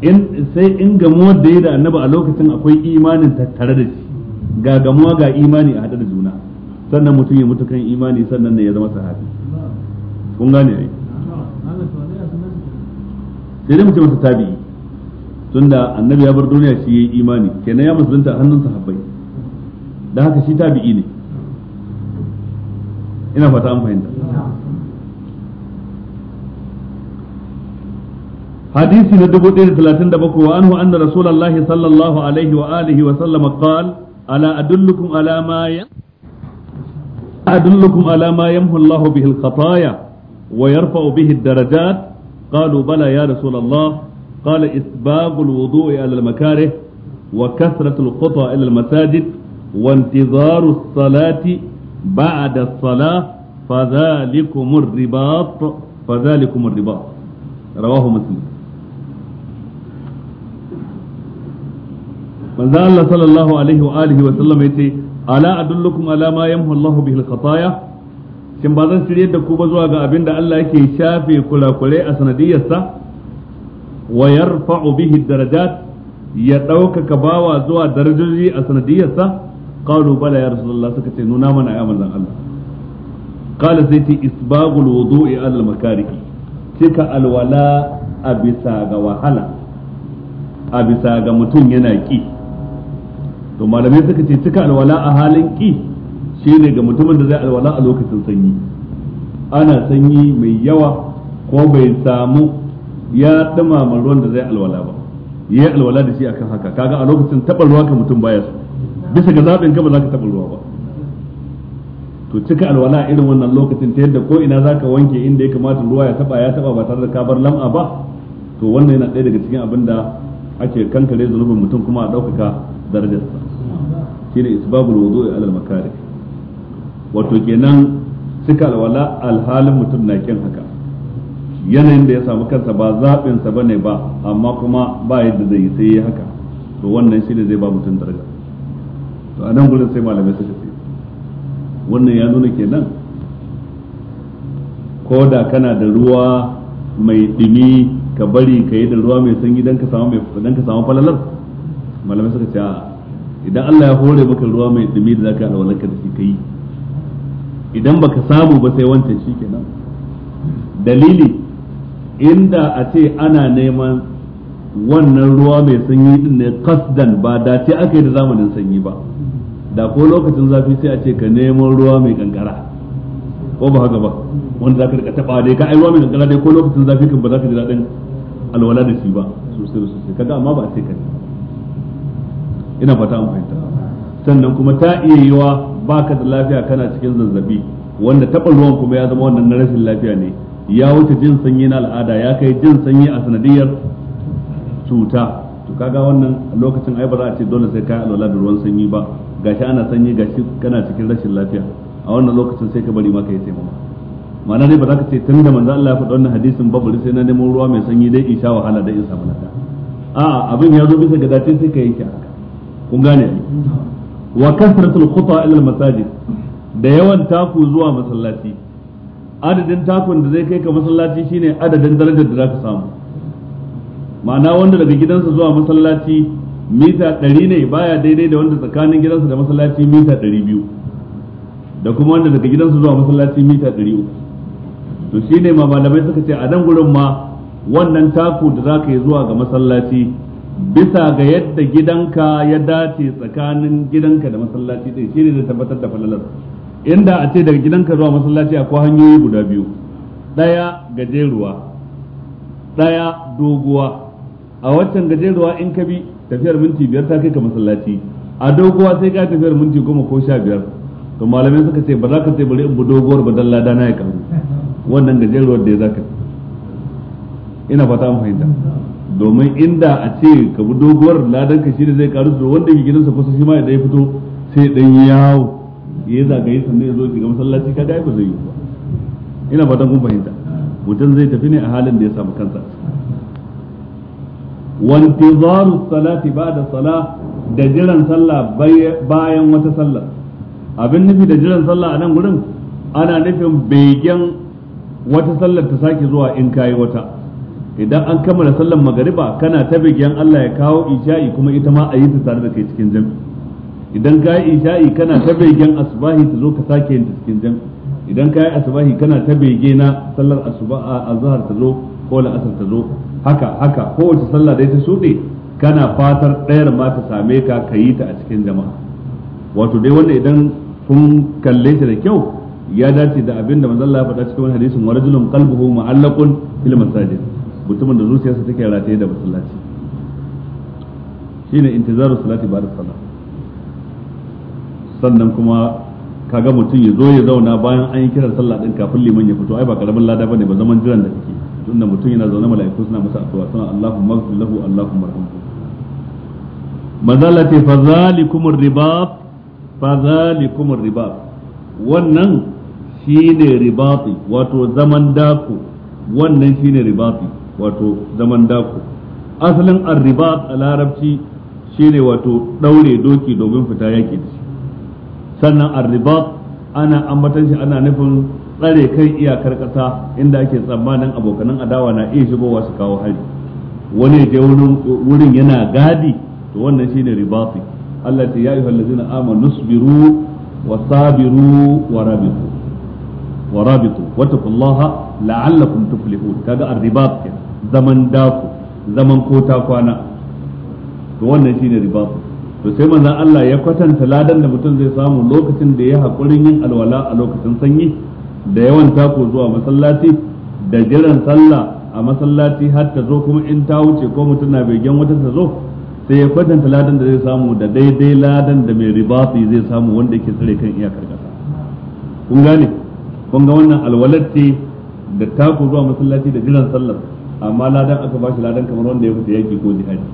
in sai in gamuwar da ya da annabi a lokacin akwai imanin tattare da shi ga gamuwa ga imani a hada da juna sannan mutum ya mutu kan imani sannan ne ya zama sahabi kun gane ai sai dai mutum masa tabi'i tunda annabi ya bar duniya shi yayi imani kenan ya musulunta a hannun sahabbai dan haka shi tabi'i ne ina fata an fahimta hadisi na 1037 wa anhu anna rasulullahi sallallahu alaihi wa alihi wa sallama qala ala adullukum ala ma أدلكم على ما يمحو الله به الخطايا ويرفع به الدرجات قالوا بلى يا رسول الله قال إسباغ الوضوء على المكاره وكثرة الخطى إلى المساجد وانتظار الصلاة بعد الصلاة فذلكم الرباط فذلكم الرباط رواه مسلم manzo Allah sallallahu alaihi wa wa sallam yace ala adullukum ala ma yamhu Allahu bihi shin ba zan shirye da ku ba zuwa ga abin da Allah yake shafe kurakurai a sanadiyarsa wa yarfa'u bihi darajat ya ɗaukaka bawa zuwa darajoji a sanadiyarsa qalu bala ya rasulullah suka ce nuna mana ya manzon Allah qala sai ce isbagul wudu'i al cika alwala a bisa ga wahala a bisa ga mutum yana ki to malamai ce cika alwala a halin ki shine ga mutumin da zai alwala a lokacin sanyi ana sanyi mai yawa ko bai samu ya dumama ruwan da zai alwala ba yayi alwala da shi akan haka kaga a lokacin taɓa ruwa ka mutum baya bisa ga zaɓin ka ba za ka taɓa ruwa ba to cika alwala a irin wannan lokacin ta yadda ko ina zaka wanke inda ya kamata ruwa ya taɓa ya taɓa ba tare da ka bar lam'a ba to wannan yana ɗaya daga cikin abin da ake kankare zunubin mutum kuma a ɗaukaka darajarsa shine isbabul wudu'i alal makari wato kenan cika alwala alhalin mutum na kyan haka yanayin da ya samu kansa ba zaɓinsa ba ne ba amma kuma ba yadda zai yi sai ya haka to wannan shi ne zai ba mutum daraja to a nan gurin sai malamai suka ce wannan ya nuna kenan ko da kana da ruwa mai dumi ka bari ka yi da ruwa mai sanyi don ka samu mai don ka samu falalar malamai suka ce a idan Allah ya hore maka ruwa mai dumi da zaka alwala ka da shi kai idan baka samu ba sai wancan shikenan dalili inda a ce ana neman wannan ruwa mai sanyi din ne kasdan ba da ce aka yi da zamanin sanyi ba da ko lokacin zafi sai a ce ka neman ruwa mai kankara ko ba haka ba wanda za ka rika taba dai ka ai ruwa mai kankara dai ko lokacin zafi kan ba za ka ji daɗin alwala da shi ba sosai sosai kaga amma ba a ce ka ina fata an fahimta sannan kuma ta iya yiwa baka da lafiya kana cikin zazzabi wanda taɓa ruwan kuma ya zama wannan na rashin lafiya ne ya wuce jin sanyi na al'ada ya kai jin sanyi a sanadiyar cuta to kaga wannan lokacin ai ba za a ce dole sai ka alwala da ruwan sanyi ba gashi ana sanyi gashi kana cikin rashin lafiya a wannan lokacin sai ka bari ma ka yi taimako ma'ana dai ba za ka ce tun da manzo Allah ya faɗa wannan hadisin babu sai na neman ruwa mai sanyi dai in sha wahala dai in samu lada a'a abin ya zo bisa ga dace sai ka yanke haka kun gane wa kasratul khuta ila masajid da yawan taku zuwa masallaci adadin takun da zai kai ka masallaci shine adadin darajar da zaka samu ma'ana wanda daga gidansa zuwa masallaci mita ɗari ne baya daidai da wanda tsakanin gidansa da masallaci mita ɗari biyu da kuma wanda daga gidansa zuwa masallaci mita ɗari uku to shi ne ma malamai suka ce a nan gurin ma wannan taku da za ka yi zuwa ga masallaci bisa ga yadda gidanka ya dace tsakanin gidanka da masallaci ɗin shi ne zai tabbatar da falalar inda a ce daga gidanka zuwa masallaci akwai hanyoyi guda biyu ɗaya gajeruwa ɗaya doguwa a waccan gajeruwa in ka bi tafiyar minti biyar ta kai ka masallaci a doguwa sai ka tafiyar minti goma ko sha biyar to malamai suka ce ba za ka ce bari in bi doguwar ba dan lada na ya karu wannan gajeruwar da ya zaka ina fata an fahimta domin inda a ce ka bi doguwar ladan ka shi da zai karu to wanda ke gidansa kusa shi ma ya fito sai dan yawo ya zagaye sannan ya zo ga masallaci kaga ai ba zai yi ba ina fatan kun fahimta mutum zai tafi ne a halin da ya samu kansa وانتظار الصلاة بعد الصلاة da jiran sallah bayan wata sallah abin nufi da jiran sallah a nan gurin ana nufin begen wata sallar ta sake zuwa in kayi wata idan an kammala sallar magariba kana ta begen Allah ya kawo isha'i kuma ita ma a yi ta tare da kai cikin jami'i idan ka yi isha'i kana ta begen asubahi ta zo ka sake yin ta cikin jami'i idan ka yi asubahi kana ta bege na sallar asuba azhar ta zo ko la'asar ta zo haka haka kowace sallah da ta shuɗe kana fatar ɗayar ma ta same ka ka yi ta a cikin jama'a wato dai wanda idan kun kalle shi da kyau ya dace da abin da manzo Allah ya faɗa cikin wani hadisin wa rajulun qalbuhu mu'allaqun fil masajid mutumin da zuciyarsa take rataye da masallaci shine intizaru salati ba da sallah sannan kuma kaga mutum ya zo ya zauna bayan an yi kiran sallah din kafin liman ya fito ai ba karamin lada bane ba zaman jiran da kake tunda mutum yana zaune mala'iku suna masa addu'a suna allahu ighfir lahu Allahumma arhamhu mazalati fadhalikum ar-ribab fadhalikum ar-ribab wannan shine ribati wato zaman dako wannan shine ribati wato zaman dako asalin ar-ribat a larabci shine wato daure doki domin fita yaki da sannan ar-ribat ana ambatan shi ana nufin tsare kai iyakar ƙasa inda ake tsammanin abokanan adawa na iya shigowa su kawo hari wani ya je wurin yana gadi to wannan shine ribati Allah ce ya ayyuhallazina amanu nusbiru wa sabiru wa rabitu wa rabitu wattaqullaha la'allakum tuflihun kaga ar-ribat zaman dafu zaman kota kwana to wannan shine ribafi to sai manzon Allah ya kwatanta ladan da mutum zai samu lokacin da ya haƙurin yin alwala a lokacin sanyi da yawan tako zuwa masallaci da jiran sallah a masallaci har ta zo kuma in ta wuce ko mutum na begen wata ta zo sai ya kwatanta ladan da zai samu da daidai ladan da mai ribafi zai samu wanda yake tsare kan iyakar kasa kun gane kun ga wannan alwalatti ce da tako zuwa masallaci da jiran sallar amma ladan aka bashi ladan kamar wanda ya fita yaki ko jihadi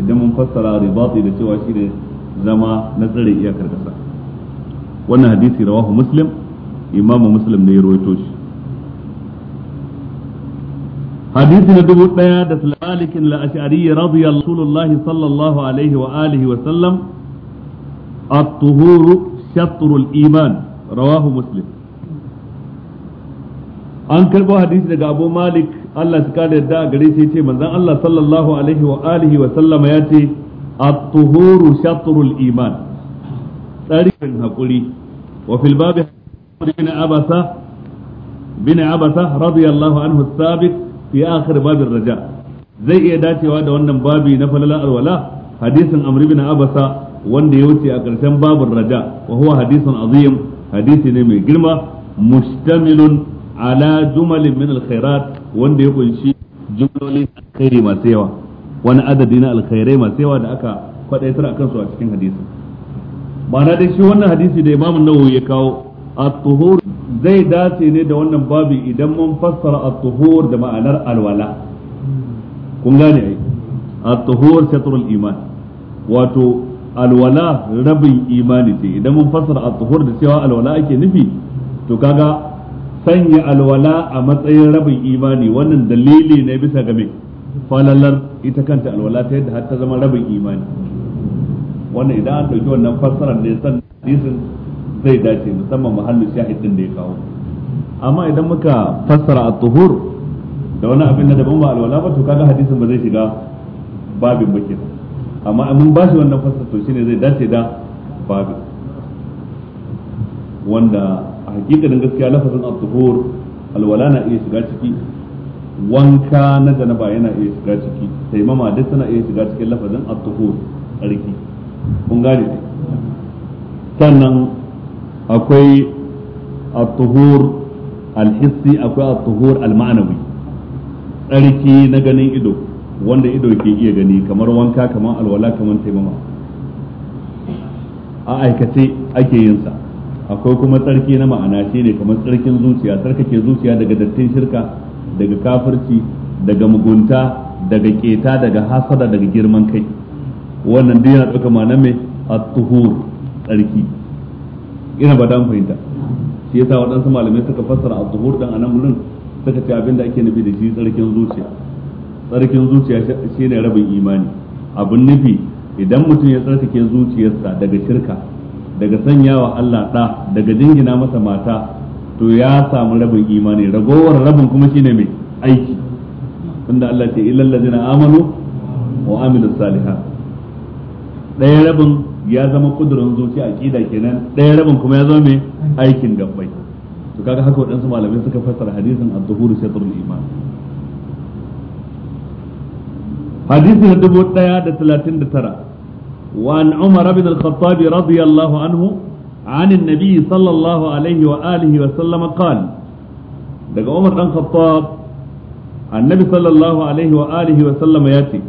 idan mun fassara ribafi da cewa shine zama na tsare iyakar kasa wannan hadisi rawahu muslim imamu muslim ne ya rawaito shi hadisi na dubu daya da sulalikin la'ashari radiyallahu rasulullahi sallallahu alaihi wa alihi wa sallam at-tuhuru iman rawahu muslim an karbo hadisi daga abu malik Allah shi kada yadda a gare shi ce manzon Allah sallallahu alaihi wa alihi ya ce iman tsarin hakuri wa fil بن عبسة بن عبسة رضي الله عنه السابق في آخر باب الرجاء زي da wannan babi بابي نفل لا الولا حديث أمر بن عبسة wanda ya wuce a ƙarshen babin raja wa huwa hadisun hadisi ne mai girma mustamilun ala jumalin min alkhairat wanda ya kunshi jumlolin alkhairi masu yawa wani adadi na alkhairai masu yawa da aka kwadaitar akan su a cikin hadisi ma'ana dai shi wannan hadisi da Imam na ya kawo الطهور زي zai dace ne da wannan babu idan mun fassara at-tuhur da ma'anar alwala kun gane ai at-tuhur satrul iman wato alwala rabin imani ce idan mun fassara at-tuhur da cewa alwala ake nufi to kaga sanya alwala a matsayin rabin imani wannan dalili ne bisa ga me falalar ita kanta alwala ta yadda har ta zama rabin imani wannan idan an dauki wannan fassarar ne san hadisin zai dace musamman mahallin shahidin da ya kawo amma idan muka fassara at-tuhur da wani abin da daban ba alwala ba to kaga hadisin ba zai shiga babin ba kenan amma mun ba shi wannan fassara to shine zai dace da babin wanda a hakikalin gaskiya lafazin at-tuhur alwala na iya shiga ciki wanka na janaba yana iya shiga ciki taimama duk tana iya shiga cikin lafazin at-tuhur tsarki kun gane sannan akwai at-tuhur al-hissi akwai at-tuhur al-ma'nawi tsarki na ganin ido wanda ido ke iya gani kamar wanka kamar alwala kamar taimama a aikace ake yin sa akwai kuma tsarki na ma'ana ne kamar tsarkin zuciya tsarkake zuciya daga dattin shirka daga kafirci daga mugunta daga keta daga hasada daga girman kai wannan duk yana ɗauka ma'ana mai at-tuhur tsarki ina ba dan fahimta shi yasa waɗansu malamai suka fassara a zuhur dan anan mulin suka ce abin da ake nufi da shi tsarkin zuciya tsarkin zuciya shine rabin imani abin nufi idan mutum ya tsarkake zuciyarsa daga shirka daga sanyawa Allah ɗa daga dingina masa mata to ya samu rabin imani ragowar rabin kuma shi ne mai aiki tunda Allah ce illal ladina amanu wa amilus salihat ɗaya rabin ya zama kudurin zuci aqida kenan ɗaya rabin kuma ya zama mai aikin gabbai to kaga haka waɗansu malamai suka fassara hadisin az-zuhuru shatrul iman hadisi na dubu ɗaya da talatin da tara وعن عمر بن الخطاب رضي الله عنه عن النبي صلى الله عليه وآله وسلم قال دقى عمر بن الخطاب النبي صلى الله عليه وآله وسلم يأتي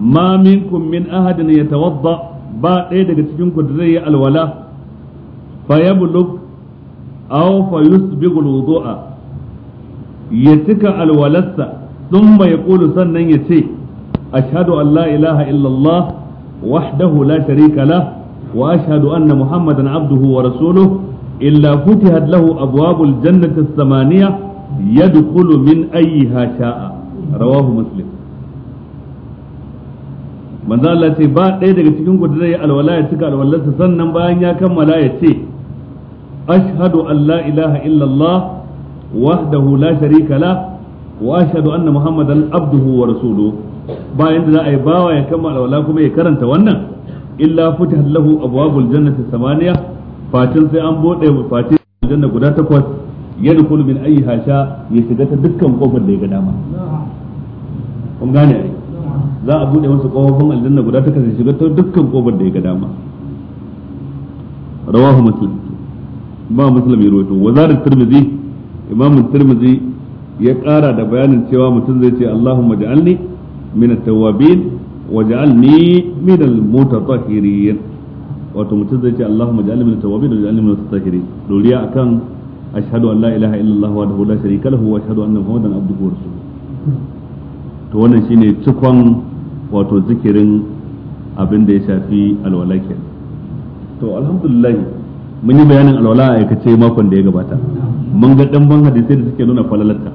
ما منكم من أحد يتوضأ ba ɗaya daga cikin ku da zai yi alwala fa yablug aw fa yusbigu alwudu'a ya cika alwalarsa thumma kulu sannan ya ce ashhadu an la ilaha illallah wahdahu la sharika la wa ashhadu anna muhammadan abduhu wa rasuluhu إلا فتحت له أبواب الجنة الثمانية يدخل من أيها شاء rawahu muslim. manzo Allah ce ba ɗaya daga cikin ku da zai alwala ya cika alwalarsa sannan bayan ya kammala ya ce ashhadu an la ilaha illallah wahdahu la sharika la wa ashhadu anna muhammadan abduhu wa rasuluhu bayan da za a yi bawa ya kammala alwala kuma ya karanta wannan illa futihat lahu abwabul jannati samaniya fatin sai an bude fatin aljanna guda takwas yadkhulu min ayyiha sha ya shiga ta dukkan kofar da ya ga dama kun gane za a bude masa kofofin aljanna guda ta kasance shiga ta dukkan kofar da ya ga dama rawahu muslim ba muslim ya rawaito wa zarar tirmidhi imam tirmidhi ya kara da bayanin cewa mutum zai ce allahumma ja'alni min at-tawwabin waj'alni min al-mutatahhirin wato mutum zai ce allahumma ja'alni min at-tawwabin waj'alni min at tahhirin doriya akan ashhadu an la ilaha illallah wahdahu la sharika lahu wa ashhadu anna muhammadan abduhu wa rasuluhu to wannan shine cikon wato zikirin abin da ya shafi alwala ke to alhamdulillah mun yi bayanin alwala a aikace makon da ya gabata mun ga dan ban hadisai da suke nuna falalarta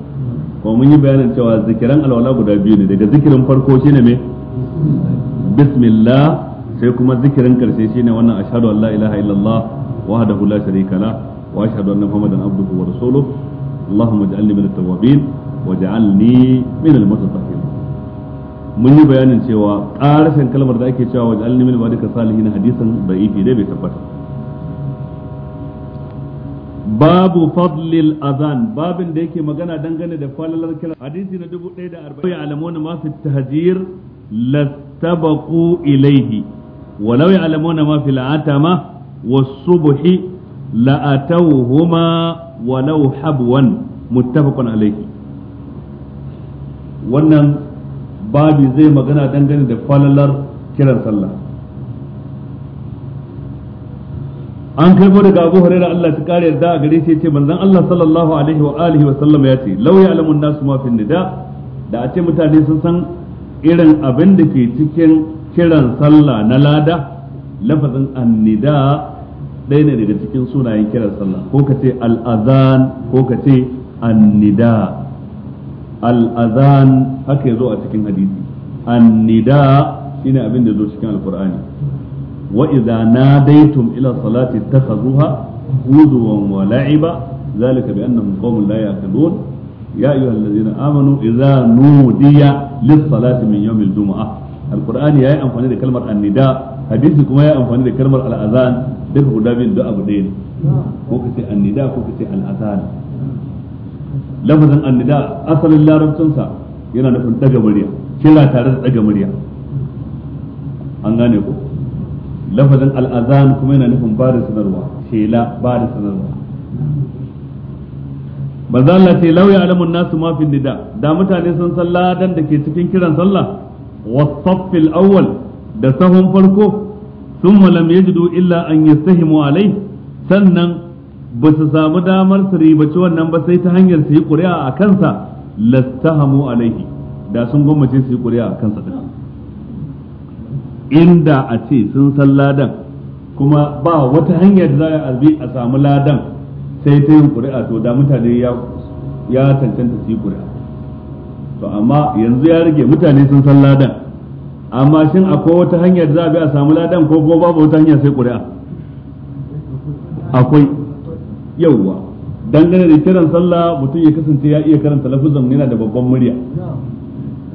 kuma mun yi bayanin cewa zikiran alwala guda biyu ne daga zikirin farko shine me bismillah sai kuma zikirin karshe shine wannan ashhadu an la ilaha illallah wahdahu la sharika la wa ashhadu anna muhammadan abduhu wa rasuluh اللهم اجعلني من التوابين واجعلني من المتطهرين mun yi bayanin cewa ƙarashin kalmar da ake cewa wajen alnimin ba duka salihin hadisan bai yi fide bai tabbata babu fadlil azan babin da yake magana dangane da falalar kira hadisi na 1040 ya alamuna ma fi tahjir lastabaqu ilayhi walau ya alamuna ma fi al'atama was-subhi la'atawhuma walau habwan muttafaqun alayhi wannan babi zai magana dangane da falalar kiran sallah an kai daga Abu Hurairah Allah ta kare yarda a gare shi yace manzon Allah sallallahu alaihi wa alihi wa sallam ya ce law ya'lamun nasu ma fi nida da a ce mutane sun san irin abin da ke cikin kiran sallah na lada lafazin annida ɗaya ne daga cikin sunayen kiran sallah ko ka ce al'azan ko ka ce annida al-azan yazo a cikin hadisi annida nida abinda abin da yazo cikin alkur'ani wa idza nadaytum ila salati takhazuha huzwan wa la'iba zalika bi annahum qaumun la yaqilun ya ayyuhal ladzina amanu idza nudiya lis-salati min al jumu'ah alqur'ani yayi amfani da kalmar annida hadisi kuma ya amfani da kalmar al-azan duka guda biyu da abu ɗaya ne ko kace an ko kace al-azan lafazin annida asalin larabcinsa yana nufin daga murya kira tare da daga murya an gane ko lafazin al'azan kuma yana nufin ba da sanarwa shela ba da sanarwa manzo Allah ce lauya alamun nasu ma fi nida da mutane sun san ladan da ke cikin kiran sallah tsoffin awwal da sahun farko thumma lam yajidu illa an yastahimu alai sannan ba su samu damar su ribaci wannan ba sai ta hanyar su yi ƙuri'a a kansa lastahamu alaihi da sun gwammace su yi ƙuri'a a kansa ɗin inda a ce sun san ladan kuma ba wata hanyar da za a bi a samu ladan sai ta yin ƙuri'a to da mutane ya ya cancanta su yi ƙuri'a to amma yanzu ya rage mutane sun san ladan amma shin akwai wata hanyar da za a bi a samu ladan ko ko babu wata hanyar sai ƙuri'a akwai yauwa dangane da kiran sallah mutum ya kasance ya iya karanta lafuzan yana da babban murya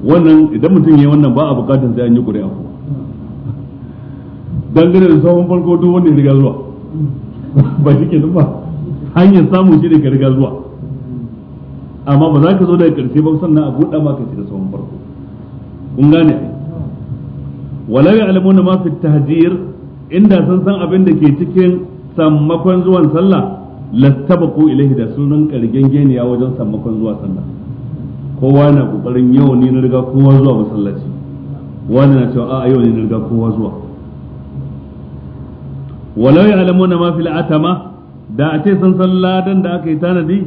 wannan idan mutum ya yi wannan ba a bukatar sai an yi ƙuri'a ko dangane da sahun farko duk wanda ya riga zuwa ba shi ke ba hanyar samu shi ne ka riga zuwa amma ba za ka zo daga ƙarshe ba sannan a buɗa ma ka da sahun farko kun gane wala ya alamuna ma fi tahjir inda san san abin da ke cikin sammakon zuwan sallah lastabaku ilaihi da sunan kargen geniya wajen sammakon zuwa sallah kowa na kokarin yau ne na riga kowa zuwa masallaci wani na cewa a yau ne na riga kowa zuwa walau alamu ma mafi la'atama, da a ce sun san ladan da aka yi tanadi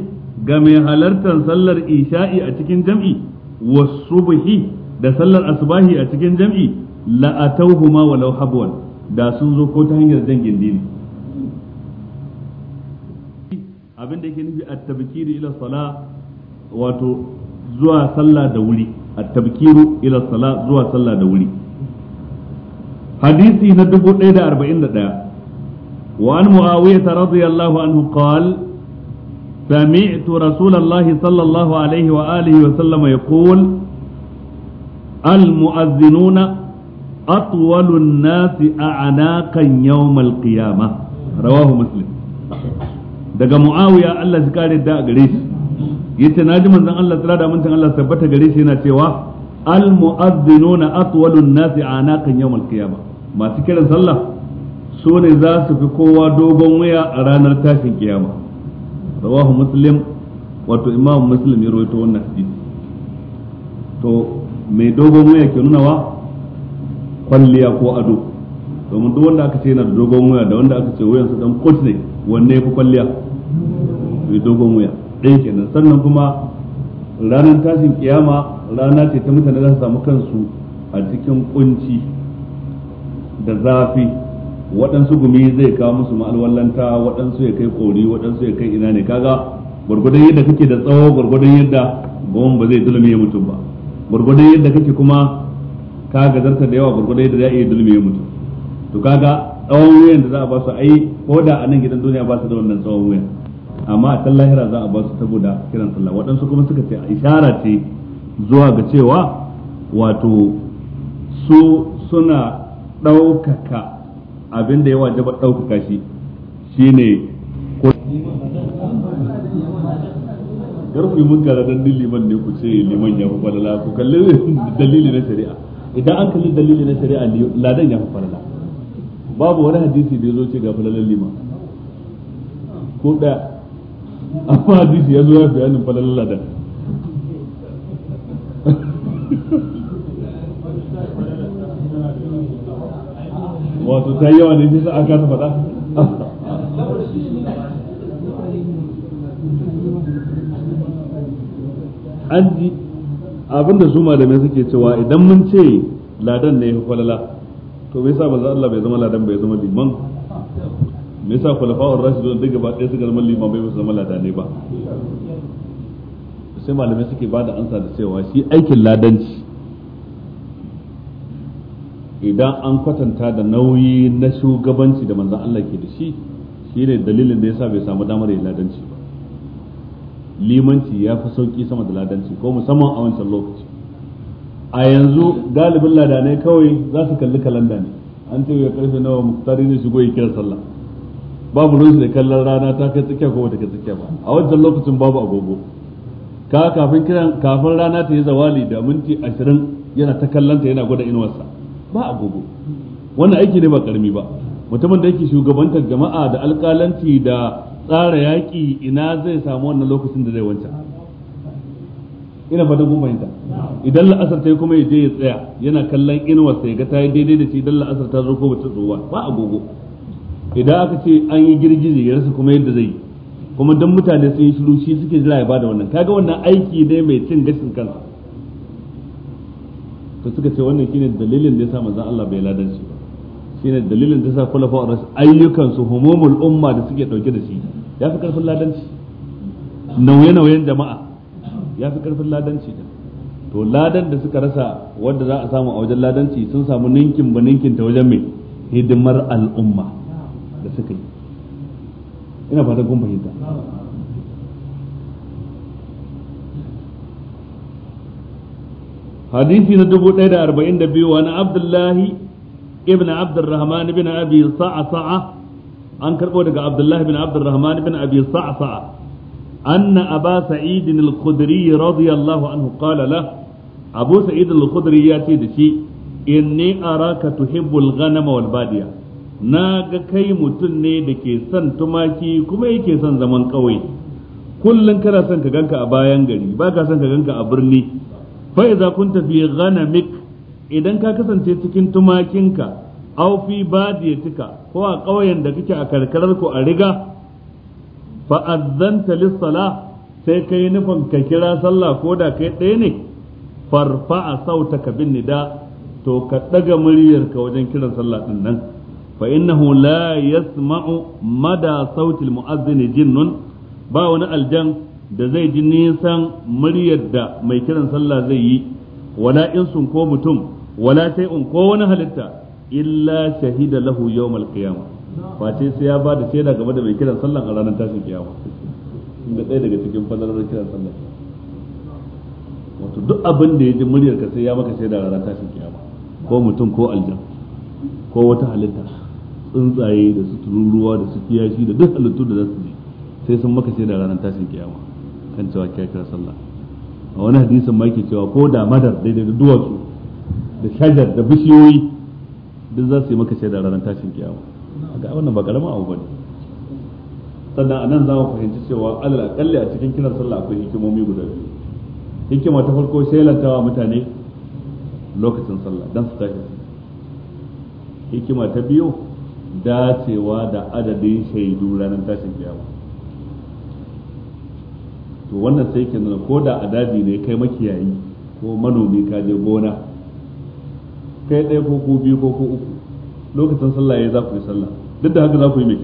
ga mai halartar sallar isha'i a cikin jam'i wa subhi da sallar asbahi a cikin jam'i la'atauhuma walau habwan da sun zo ko ta hanyar dangin dini abinda yake nufi a tabkiru ila sala wato zuwa sallah da wuri a tabkiru ila sala zuwa sallah da wuri hadisi na 1041 wa an muawiya radiyallahu anhu qala سمعت رسول الله صلى الله عليه وآله وسلم يقول المؤذنون أطول الناس أعناقا يوم القيامة رواه مسلم daga muawiya Allah ya kare da a gare shi yace naji manzon Allah sallallahu da amincin Allah tabbata gare shi yana cewa al mu'adhdhinuna atwalun nasi anaqan yawm al qiyama masu kiran sallah so ne za su fi kowa dogon waya a ranar tashin kiyama rawahu muslim wato imam muslim ya rawaito wannan hadisi to mai dogon waya ke nuna wa kwalliya ko ado domin duk wanda aka ce yana da dogon waya da wanda aka ce wayansa dan kot ne wanne ya fi kwalliya mai dogon wuya ɗaya kenan sannan kuma ranar tashin kiyama rana ce ta mutane za su samu kansu a cikin kunci da zafi waɗansu gumi zai kawo musu ma'alwallanta waɗansu ya kai kori waɗansu ya kai ina ne kaga gwargwadon yadda kake da tsawo gwargwadon yadda gwamnan ba zai dulmiye mutum ba gwargwadon yadda kake kuma ka gazarta da yawa gwargwadon yadda za a iya dulmiye mutum to kaga tsawon wuyan da za a ba su ai ko da a nan gidan duniya ba su da wannan tsawon wuyan amma a can lahira za a ba su saboda kiran sallah waɗansu kuma suka ce ishara ce zuwa ga cewa wato su suna ɗaukaka abin da ya wajaba ɗaukaka shi shine ko garfi mun gara dan liman ne ku ce liman ya fi falala ku kalli dalili na shari'a idan an kalli dalili na shari'a ladan ya fi falala babu wani hadisi da ya zo ce ga falalan liman ko ɗaya amma hadisi ya zo ya bayanin falalar lalata wato ta yi yawa ne bisa aka kasa faɗa an ji abinda su malamai suke cewa idan mun ce ladan ne ya fi falala to bai sa manzo Allah bai zama ladan bai zama liman me yasa khulafa'ur rashidun duk gaba ɗaya suka zama limamai ba su zama ladane ba sai malamai suke ba da ansa da cewa shi aikin ladanci idan an kwatanta da nauyi na shugabanci da manzan Allah ke da shi shi ne dalilin da ya sa bai samu damar yin ladanci ba limanci ya fi sauƙi sama da ladanci ko musamman a wancan lokaci a yanzu galibin ladanai kawai za su kalli kalanda ne an ce ya karfe nawa muktari ne shigo ya kira sallah babu ruwan da kallon rana ta kai tsakiya ko ta kai tsakiya ba a wancan lokacin babu agogo ka kafin kiran kafin rana ta yi zawali da minti ashirin yana ta kallanta yana gwada inuwarsa ba agogo wannan aiki ne ba karami ba mutumin da yake shugabantar jama'a da alkalanci da tsara yaƙi ina zai samu wannan lokacin da zai wanca. ina fatan kun fahimta idan la'asar ta yi kuma ya je ya tsaya yana kallon inuwarsa ya ga ta yi daidai da shi idan la'asar ta zo ko bata zo ba agogo idan aka ce an yi girgize ya rasa kuma yadda zai yi kuma don mutane sun yi shiru shi suke jira ya bada wannan kaga wannan aiki ne mai cin gashin kansa to suka ce wannan shine dalilin da yasa manzon Allah bai ladan shi ba shine dalilin da yasa kulafa rasu ayyukan su humumul umma da suke dauke da shi ya fi karfin ladanci nauye-nauyen jama'a ya fi karfin ladanci da to ladan da suka rasa wanda za a samu a wajen ladanci sun samu ninkin ba ninkin ta wajen mai hidimar al'umma suka yi ina fatan kun fahimta hadisi na dubu ɗaya da arba'in da biyu wani abdullahi ibn abdurrahman ibn abi sa'a sa'a an karɓo daga abdullahi ibn abdurrahman ibn abi sa'a sa'a anna aba sa'id al-khudri radiyallahu anhu qala la abu sa'id al-khudri ya ce da shi inni araka tuhibbul ghanama wal badiya na ga kai mutum ne da ke son tumaki kuma yake son zaman ƙauye kullum kana son ka ganka a bayan gari ba ka son ka ganka a birni Fa'iza, kun kunta fi ghanamik idan ka kasance cikin tumakinka aw fi badiyatika ko a ƙauyen da kake a karkarar ku a riga fa azzanta lis sai kai nufin ka kira sallah ko da kai ɗaya ne farfa'a sautaka bin nida to ka ɗaga muryarka wajen kiran sallah din nan fa innahu la yasma'u mada sautil mu'azzini jinnun ba wani aljan da zai ji nisan muryar da mai kiran sallah zai yi wala insun ko mutum wala sai shay'un ko wani halitta illa shahida lahu yawmal qiyamah face sai ya ba da shaida game da mai kiran sallah a ranar tashin kiyama inda ɗaya daga cikin fadalar kiran sallah wato duk abin da ya ji muryar ka sai ya maka shaida a ranar tashin kiyama ko mutum ko aljan ko wata halitta tsuntsaye da su tururuwa da su kiyashi da duk halittu da za su ji sai sun maka sai da ranar tashin kiyama kan cewa kya kira sallah a wani hadisin ma yake cewa ko da madar daidai da duwatsu da shajar da bishiyoyi duk za su yi maka shaida ranar tashin kiyama ga wannan ba karama abu bane sannan a nan za mu fahimci cewa alal akalli a cikin kiran sallah akwai hikimomi guda biyu hikima ta farko shelantawa mutane lokacin sallah dan su tashi hikima ta biyu dacewa da adadin shaidu ranar tashin kiyama to wannan sai ke nuna ko da adadi ne kai makiyayi ko manomi ka je gona kai ɗaya ko ku biyu ko ku uku lokacin sallah ya za ku yi sallah duk da haka za ku yi mai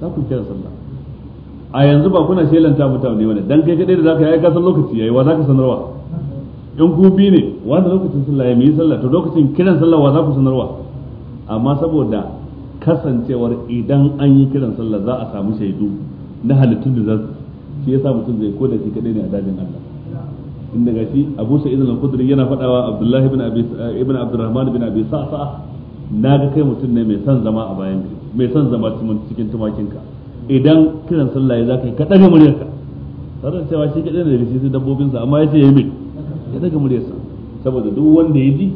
za ku kira sallah a yanzu ba kuna shelanta mutane wani dan kai kadai da zaka yi ka san lokaci yayi wa zaka sanarwa in ku bi ne wanda lokacin sallah ya sallah to lokacin kiran sallah wa za ku sanarwa amma saboda kasancewar idan an yi kiran sallah za a samu shaidu na halittun da za su shi yasa mutum zai koda shi kadai ne a dajin Allah inda ga shi Abu Sa'id al-Khudri yana fadawa Abdullahi ibn Abi ibn Abdurrahman ibn Abi Sa'sa naga kai mutum ne mai son zama a bayan mai son zama cikin tumakinka idan kiran sallah ya zaka ka daga muryarka tare da cewa shi kadai ne da shi dabbobin sa amma yace yayi mai ya daga muryarsa saboda duk wanda ya ji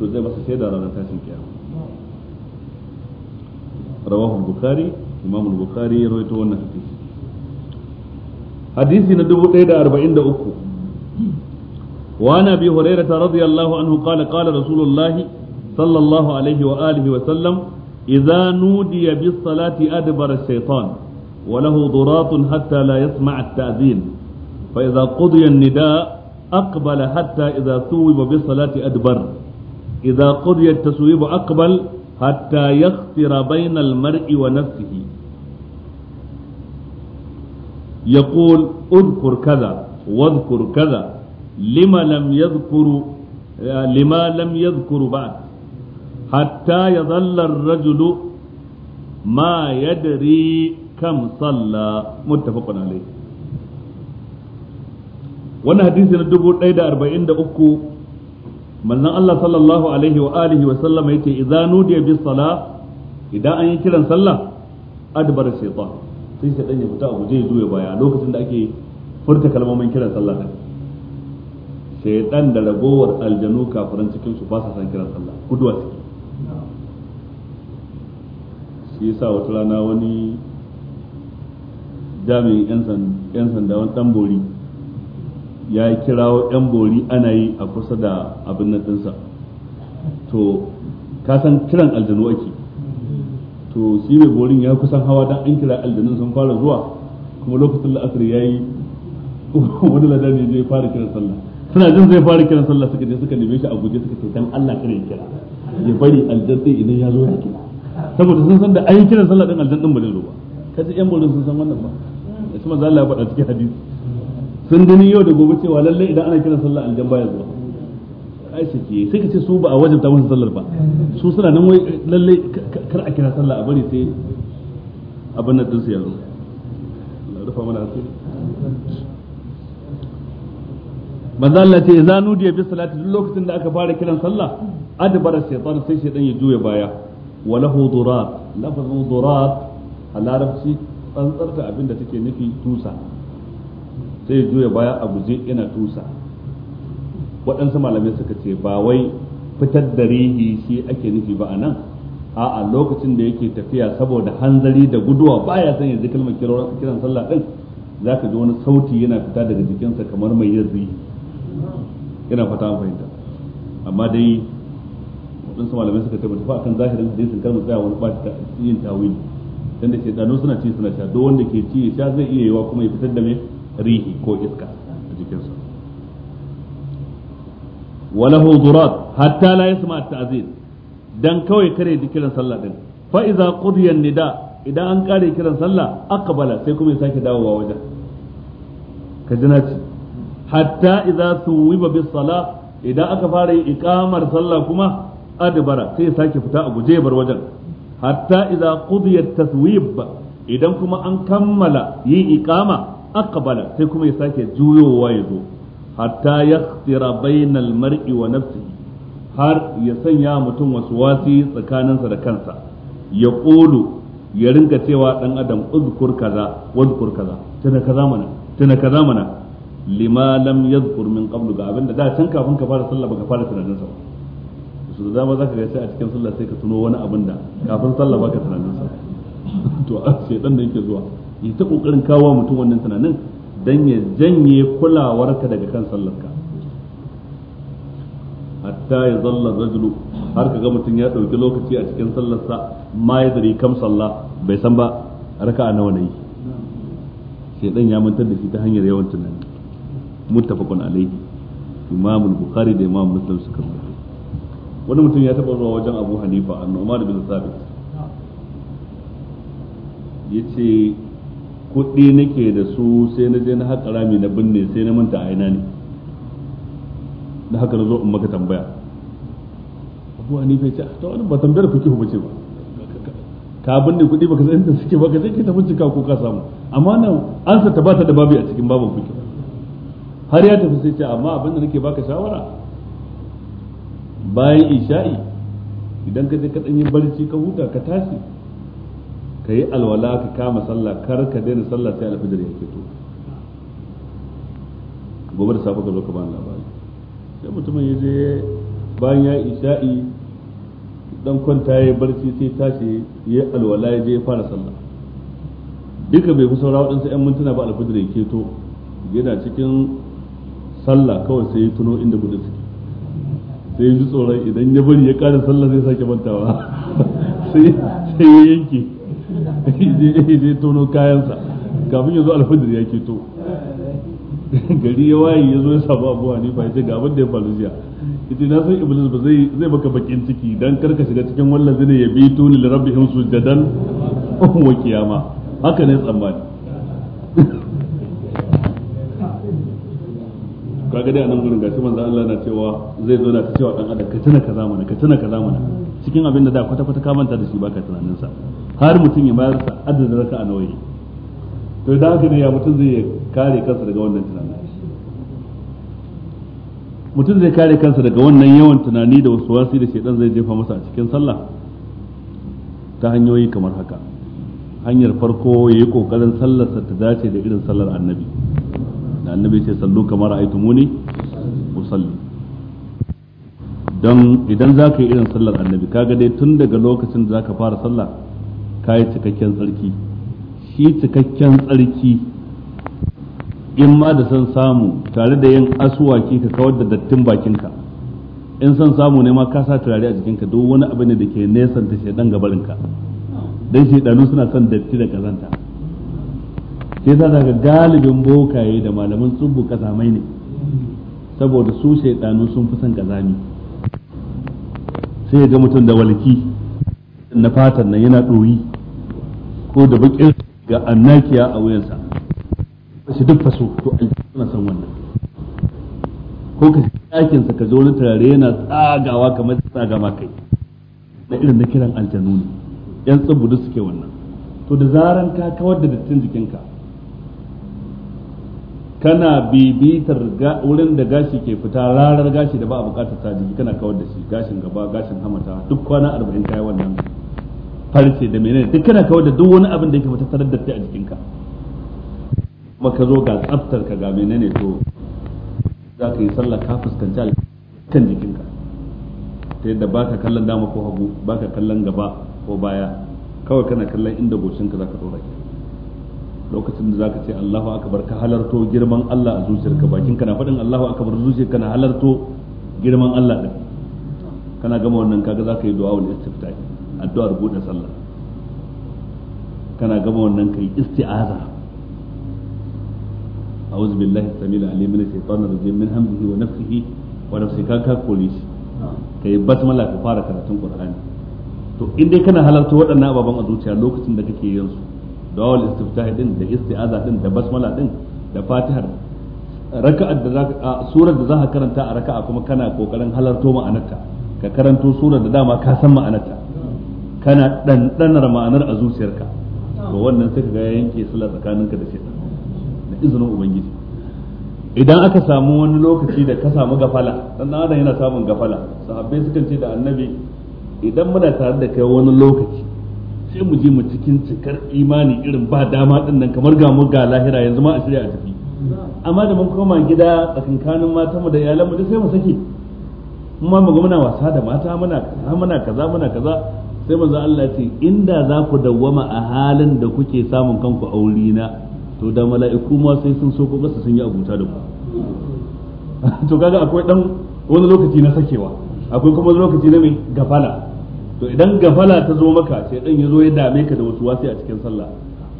to zai masa shaida ranar tashin kiyama رواه البخاري إمام البخاري رويته والنسائي حديث ندبو تيدا أربعين دأكو وعن أبي هريرة رضي الله عنه قال قال رسول الله صلى الله عليه وآله وسلم إذا نودي بالصلاة أدبر الشيطان وله ضراط حتى لا يسمع التأذين فإذا قضي النداء أقبل حتى إذا ثوب بالصلاة أدبر إذا قضي التسويب أقبل hatta yakhtira bainal mar'i wa nafsihi yaqul udkur kaza wadhkur kaza lima lam yadhkuru lima lam yadhkuru ba'd hatta yadhalla ar-rajulu ma yadri kam salla muttafaqun alayh wannan hadisi na 1043 manzon Allah sallallahu alaihi wa alihi wa sallam yace idza nudiya bis sala idan an yi kiran sallah adbar shaytan sai shaytan ya fita a guje ya zuwa baya lokacin da ake furta kalmomin kiran sallah din shaytan da ragowar aljanu kafiran cikin su ba sa san kiran sallah guduwa suke shi yasa wata rana wani jami'in yan sanda wani tambori. bori ya kirawo yan bori ana yi a kusa da abin nan ɗinsa to kasan kiran aljanu ake to shi mai borin ya kusan hawa don an kira aljanun sun fara zuwa kuma lokacin la'asar ya yi wani ladani zai fara kiran sallah suna jin zai fara kiran sallah suka je suka neme shi a guje suka ce dan Allah kada ya kira ya bari aljan din idan ya zo ya kira saboda sun san da ayi kiran sallah din aljan din ba zai zo ba kaji yan borin sun san wannan ba kuma manzo Allah ya faɗa cikin hadisi sun gani yau da gobe cewa lallai idan ana kiran sallah aljan baya zuwa ai sake sai ka ce su ba a wajen ta musu sallar ba su suna nan wai lallai kar a kira sallah a bari sai abin nan din su yanzu Allah rufa mana asiri manzo Allah ce idza nudiya bi salati duk lokacin da aka fara kiran sallah adbara shaytan sai shaytan ya juya baya walahu lahu durat lafzu durat a larabci tsantsarta abin da take nufi tusa sai juya baya a guje yana tusa waɗansu malamai suka ce ba wai fitar da rihi shi ake nufi ba a nan a a lokacin da yake tafiya saboda hanzari da guduwa baya son yanzu kalmar kiran sallah din zaka ji wani sauti yana fita daga jikinsa kamar mai yazi yana fata an fahimta amma dai waɗansu malamai suka tabbata fa akan zahirin hadisin kalmar tsaya wani ɓata yin tawili dan da shedanu suna ci suna sha duk wanda ke ci ya sha zai iya yiwa kuma ya fitar da mai rihi ko iska a jikinsa walahu durat hatta la yasma ta'zin dan kawai kare ji kiran sallah din fa iza qudiya nida idan an kare kiran sallah aqbala sai kuma ya sake dawowa wajen ka ji ci hatta iza suwiba bis salah idan aka fara yi iqamar sallah kuma adbara sai ya sake fita a guje bar wajen hatta iza qudiyat taswib idan kuma an kammala yi iqama aqbala sai kuma ya sake juyowa ya zo hatta yaqtira bainal mar'i wa nafsihi har ya sanya mutum wasi tsakaninsa da kansa ya ƙulu ya rinka cewa ɗan adam uzkur kaza wazkur kaza tana kaza mana tana kaza mana lima lam yazkur min qablu ga abinda da can kafin ka fara sallah baka fara tunanin sa ba su da dama zaka ga sai a cikin sallah sai ka tuno wani abin da kafin sallah baka tunanin sa to a shedan da yake zuwa yi ta kokarin kawo mutum wannan tunanin dan ya janye kulawarka daga kan sallarka hatta ya zalla rajulu har kaga mutum ya dauki lokaci a cikin sallarsa ma ya dari kam sallah bai san ba raka'a nawa ne dan ya mantar da shi ta hanyar yawan tunani muttafaqun alayhi imam bukhari da imam muslim suka rubuta wani mutum ya taba zuwa wajen abu hanifa annu umar bin sabit yace kuɗi nake da su sai na je na haƙa rami na binne sai na manta aina ne da haka na zo in maka tambaya abu ni bai ce ah, ta wani ba tambayar kuke ba ce ba ka binne kuɗi ka san inda suke ka sai ke tafi cika ko ka samu amma nan ansa ta bata da babu a cikin babu kuke har ya tafi sai ce amma abin da nake baka shawara bayan isha'i idan ka je ka ɗanyi barci ka huta ka tashi ka yi alwala ka kama sallah kar ka daina sallah sai alfajir ya fito gobe da safe ka zo ka bani labari sai mutumin ya je bayan ya isha'i dan kwanta ya barci sai tashi ya alwala ya je ya fara sallah duka bai fi saura waɗansu 'yan mintuna ba alfajir ya keto yana cikin sallah kawai sai ya tuno inda gudu suke sai ya ji tsoron idan ya bari ya ƙara sallah zai sake mantawa sai ya yanke je tono kayansa kafin ya zo alfajir ya keto gari ya waye ya zo ya samu abuwa ne ba ce ga abin da ya faru jiya ita na san iblis ba zai zai baka bakin ciki dan karka shiga cikin wannan zai ya bi tuni li rabbihim sujadan wa kiyama haka ne tsammani kaga dai anan gurin gashi manzo Allah na cewa zai zo na ta cewa dan adam ka tuna ka zamana ka tuna ka zamana cikin abin da da kwata kwata ka manta da shi baka tunanin sa har mutum ya bayar sa adadin raka a nawayi to idan haka ne ya mutum zai kare kansa daga wannan tunanin mutum zai kare kansa daga wannan yawan tunani da wasu wasi da shaidan zai jefa masa a cikin sallah ta hanyoyi kamar haka hanyar farko ya yi kokarin sallarsa ta dace da irin sallar annabi da annabi sai sallu kamar aitumuni musalli. don idan za ka yi irin sallar annabi kaga dai tun daga lokacin da za ka fara sallah ka yi cikakken tsarki shi cikakken tsarki in ma da san samu tare da yin asuwaki ka kawar da dattin bakinka in san samu ne ma ka sa turare a jikinka duk wani abu ne da ke nesan ta shaidan gabarinka Don shaidanu suna son datti da kazanta sai za ka galibin bokaye da malaman tsubu kazamai ne saboda su shaidanu sun fi son kazami sai ya ga mutum da walki na fatan nan yana ɗoyi ko da bakin ga annakiya a wuyansa shi duk faso to suna san wannan ko ka ɗakin sa ka zo wani turare yana tsagawa kamar tsaga ma kai na irin na kiran aljanu ne yan tsubu suke wannan to da zaran ka kawar da dattin jikinka kana bibitar wurin da gashi ke fita rarar gashi da ba a bukatar ta jiki kana kawar da shi gashin gaba gashin hamata duk kwana arba'in yi wannan farce da menene duk kana kawar da duk wani abin da yake matattarar da ta a jikinka kuma ka zo ga tsaftar ka ga menene to za ka yi sallah ka fuskanci kan jikinka ta yadda ba ka kallon dama ko hagu ba ka kallon gaba ko baya kawai kana kallon inda goshinka za ka tsora lokacin da zaka ce Allahu akbar ka halarto girman Allah a zuciyarka bakin kana faɗin Allahu akbar zuciyarka na halarto girman Allah din kana gama wannan kaga zaka yi du'a wal istiftah addu'ar bude sallah kana gama wannan kai isti'aza a'udhu billahi samil alim min shaitanir rajim min hamzihi wa nafsihi wa nafsi ka ka kore kai basmala ka fara karatun qur'ani to in dai kana halarta waɗannan ababen a zuciya lokacin da kake yin su du'a istiftah din da isti'aza din da basmala din da fatihar raka'ar da zaka surar da zaka karanta a raka'a kuma kana kokarin halarto ma'anarta ka karanto surar da dama ka san ma'anarta kana dandanar ma'anar a zuciyarka to wannan sai ka ga yanke sala tsakaninka da shaitan da izinin ubangiji idan aka samu wani lokaci da ka samu gafala dan adam yana samun gafala sahabbai sukan ce da annabi idan muna tare da kai wani lokaci sai mu je mu cikin cikar imani irin ba dama din nan kamar ga mu ga lahira yanzu ma a shirya a tafi amma da mun koma gida tsakankanin mu da mu da sai mu sake ma mu ga muna wasa da mata muna kaza muna kaza muna kaza sai manzo Allah ya ce inda za ku dawwama a halin da kuke samun kanku aure na to da mala'iku ma sai sun so ku sun yi abuta da ku to kaga akwai dan wani lokaci na sakewa akwai kuma lokaci na mai gafala to idan gafala ta zo maka sai dan yazo ya dame ka da wasu wasi a cikin sallah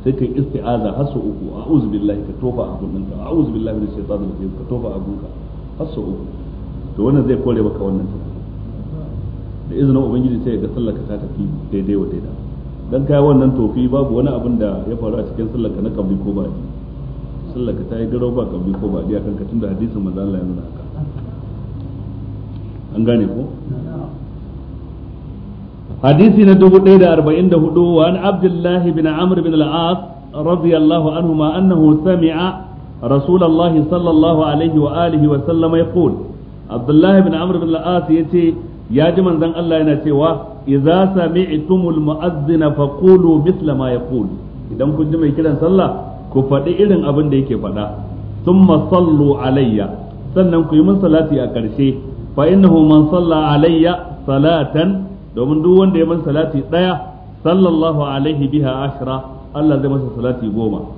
sai kai isti'aza har sau uku a'udhu billahi ka tofa a ka a'udhu billahi min shaitanir rajim ka tofa a gunka har sau uku to wannan zai kore maka wannan da izinin ubangiji sai ga sallar ka ta tafi daidai wa daidai dan kai wannan tofi babu wani abin da ya faru a cikin sallar ka na kabli ko ba sallar ka ta yi garau ba kabli ko ba a kan ka tunda hadisin manzo Allah ya nuna haka an gane ko hadisi na 1044 wa an abdullah bin amr bin al radiyallahu anhuma annahu sami'a رسول الله صلى الله عليه وآله وسلم يقول عبد الله بن عمرو بن العاص يتي يا جمن الله yana cewa idza sami mu'adhdhin faqulu fakulu ma yaqul idan kun ji mai kiran sallah ku faɗi irin abin da yake faɗa thumma sallu alayya sannan ku yi min salati a ƙarshe fa innahu man alayya salatan domin duk wanda ya man salati daya sallallahu alaihi biha ashra Allah zai masa salati goma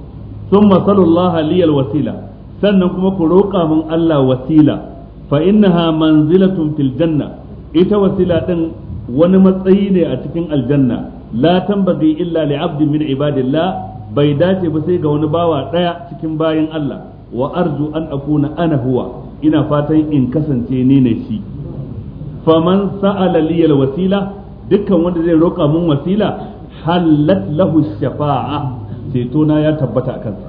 summa sallallahu liyal wasila sannan kuma ku roƙa min Allah wasila fa innaha manzilatun fil janna ita wasila din wani matsayi ne a cikin aljanna la tambagi illa li abdin min ibadillah bai dace ba sai ga wani bawa daya cikin bayin Allah wa arju an akuna ana huwa ina fatan in kasance ni ne shi faman sa'ala liyal wasila dukkan wanda zai roƙa mun wasila halat lahu shafa'a ceto na ya tabbata kansa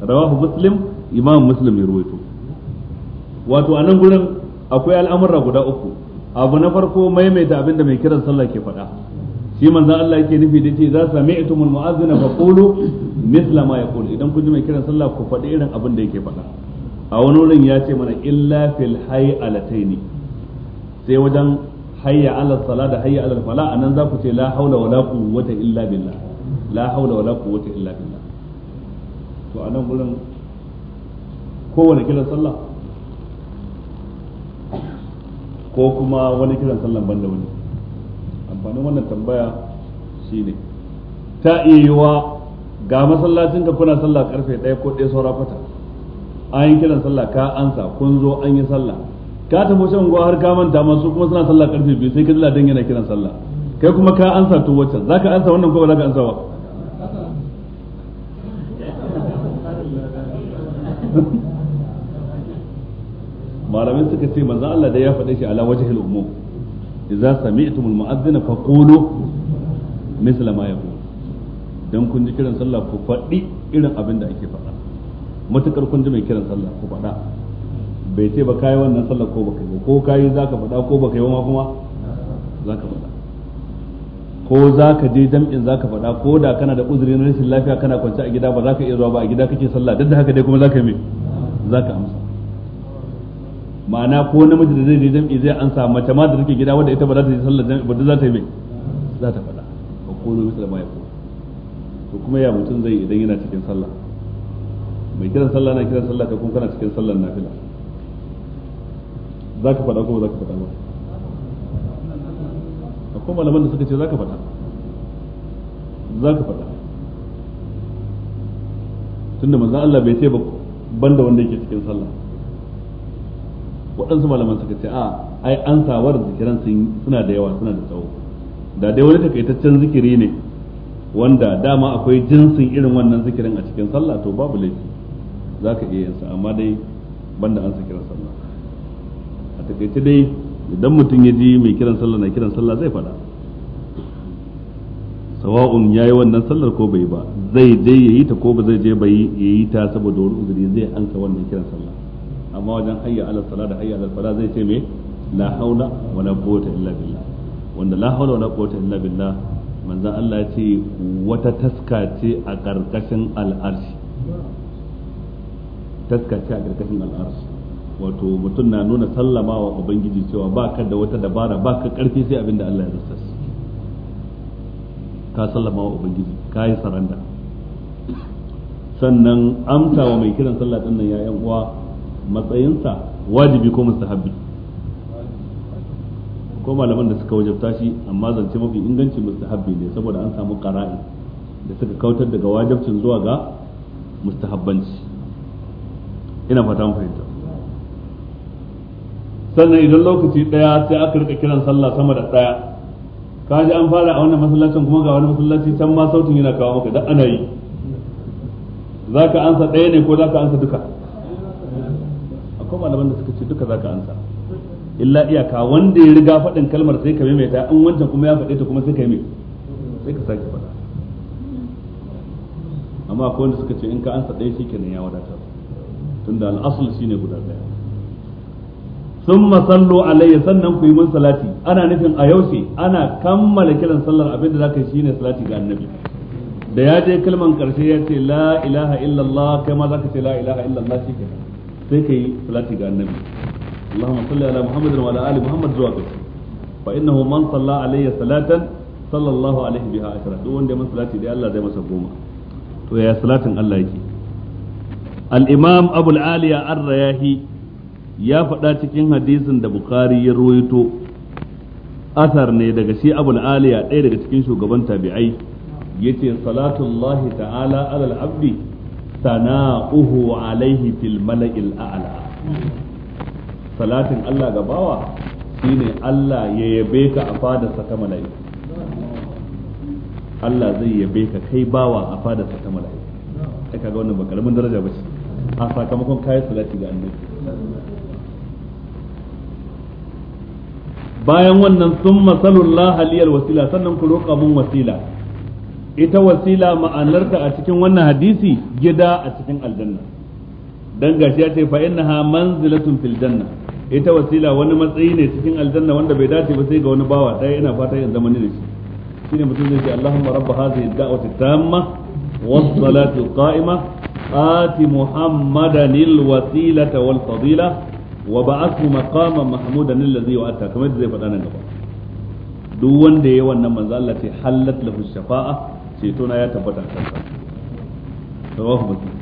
sa rawahu muslim imam muslim ya ruwaito wato a nan gurin akwai al'amurra guda uku abu na farko maimaita abinda mai kiran sallah ke faɗa shi manzo Allah yake nufi da ce za sami'tumul mu'azzina fa qulu misla ma yaqulu idan kun ji mai kiran sallah ku faɗi irin abin da yake faɗa a wani wurin ya ce mana illa fil hay'alataini sai wajen hayya alal sala da hayya alal fala anan za ku ce la haula wala quwwata illa billah la haula wala quwwata illa billah to anan gurin kowane kiran sallah ko kuma wani kiran sallan banda wani amfanin wannan tambaya shine ta iya ga masallacin ka kuna sallah karfe 1 ko 1 saura fata, an yi kiran sallah ka ansa kun zo an yi sallah ka tafi wasu unguwa har ka manta masu kuma suna sallah karfe biyu sai ka ji ladan yana kiran sallah kai kuma ka ansa to wacce zaka ansa wannan ko ba zaka ansa ba malamai suka ce manzo Allah da ya faɗe shi ala wajhil umum idza sami'tumul mu'adhdhina faqulu misla ma yaqul dan kun ji kiran sallah ku faɗi irin abin da ake faɗa matukar kun ji mai kiran sallah ku faɗa bai ce ba kayi wannan sallar ko baka yi ko kayi zaka faɗa ko baka yi ba kuma zaka faɗa ko zaka je jam'in zaka faɗa ko da kana da uzuri na rashin lafiya kana kwance a gida ba zaka iya zuwa ba a gida kake sallah duk da haka dai kuma zaka yi me zaka amsa ma'ana ko namiji da zai je jam'i zai amsa mace ma da take gida wanda ita ba za ta yi sallar jam'i ba za ta yi me za ta faɗa ba ko ne misal ya to kuma ya mutum zai idan yana cikin sallah mai kiran sallah na kiran sallah kai kuma kana cikin sallar nafila za ka faɗa ko ba za ka faɗa ba akwai malaman da suka ce za ka faɗa za ka faɗa tunda manzan Allah bai ce ba banda wanda yake cikin sallah waɗansu malaman suka ce a ai an sawar zikiran suna da yawa suna da tsawo da dai wani takaitaccen zikiri ne wanda dama akwai jinsin irin wannan zikirin a cikin sallah to babu laifi za ka iya sa amma dai banda an zikiran sallah takaice dai idan mutum ya ji mai kiran sallah na kiran sallah zai faɗa sawa'un ya yi wannan sallar ko bai ba zai je ya yi ta ko ba zai je bai ya yi ta saboda wani uzuri zai ansa wannan kiran sallah amma wajen hayya ala sala da hayya ala fara zai ce me la haula wala quwwata illa billah wanda la haula wala quwwata illa billah manzon Allah ya ce wata taska ce a karkashin al'arshi taska ce a karkashin al'arshi wato mutum na nuna sallama wa ubangiji cewa ba ka da wata dabara ba ka karfi sai abinda Allah ya rasa ka sallama wa ubangiji ka yi saranda sannan amsa wa mai kiran sallah din nan ya uwa matsayinsa wajibi ko mustahabbi ko malaman da suka wajabta shi amma zance mafi inganci mustahabbi ne saboda an samu qara'i da suka kautar daga wajabcin zuwa ga mustahabbanci ina fata mun fahimta sannan idan lokaci daya sai aka rika kiran sallah sama da daya ka ji an fara a wannan masallacin kuma ga wani masallaci can ma sautin yana kawo maka da ana yi za ka ansa ɗaya ne ko za ka ansa duka akwai malaman da suka ce duka za ka ansa illa iyaka wanda ya riga faɗin kalmar sai ka maimaita in wancan kuma ya faɗe ta kuma sai ka yi sai ka sake faɗa amma akwai wanda suka ce in ka ansa ɗaya shi kenan ya wadatar tunda al'asul shine guda ɗaya sun masallo alayya sannan ku yi mun salati ana nufin a yaushe ana kammala kiran sallar abin da zaka yi shine salati ga annabi da ya je kalman karshe ya ce la ilaha illallah kai ma za ka ce la ilaha illallah shi kenan sai kai salati ga annabi اللهم صل على محمد وعلى ال محمد زواج فانه من صلى علي صلاه صلى الله عليه بها عشرة duk wanda ya mun salati dai Allah zai masa goma to ya salatin Allah yake al-imam abul aliya ar-rayahi ya faɗa cikin hadisin da bukari ya ruwaito asar ne daga shi abul aliya ɗaya daga cikin shugaban tabi'ai ya yace salatullahi ta'ala alal abdi sana'uhu alaihi fil mala'il a'ala salatin Allah ga bawa shine Allah ya yabe ka a sa ta mala'iku Allah zai yabe ka kai bawa a sa ta mala'iku kai kaga wannan ba karamin daraja ba ce a sakamakon kayan salati ga annabi bayan wannan sun masalun lahaliyar wasila sannan ku roƙa mun wasila ita wasila ma'anarta a cikin wannan hadisi gida a cikin aljanna dan gashi ya ce fa innaha manzilatun fil janna ita wasila wani matsayi ne cikin aljanna wanda bai dace ba sai ga wani bawa dai ina fata yin zamani da shi shine mutum zai ce Allahumma rabb hadhihi ad-da'wati tamma was-salatu qa'imah آت محمدا الوسيلة والفضيلة وبعثه مقاما محمودا الذي يؤتى كما زي فدانا نبا duk wanda ya wannan manzo Allah ce hallat shafa'a ceto na ya tabbata a kansa rawahu muslim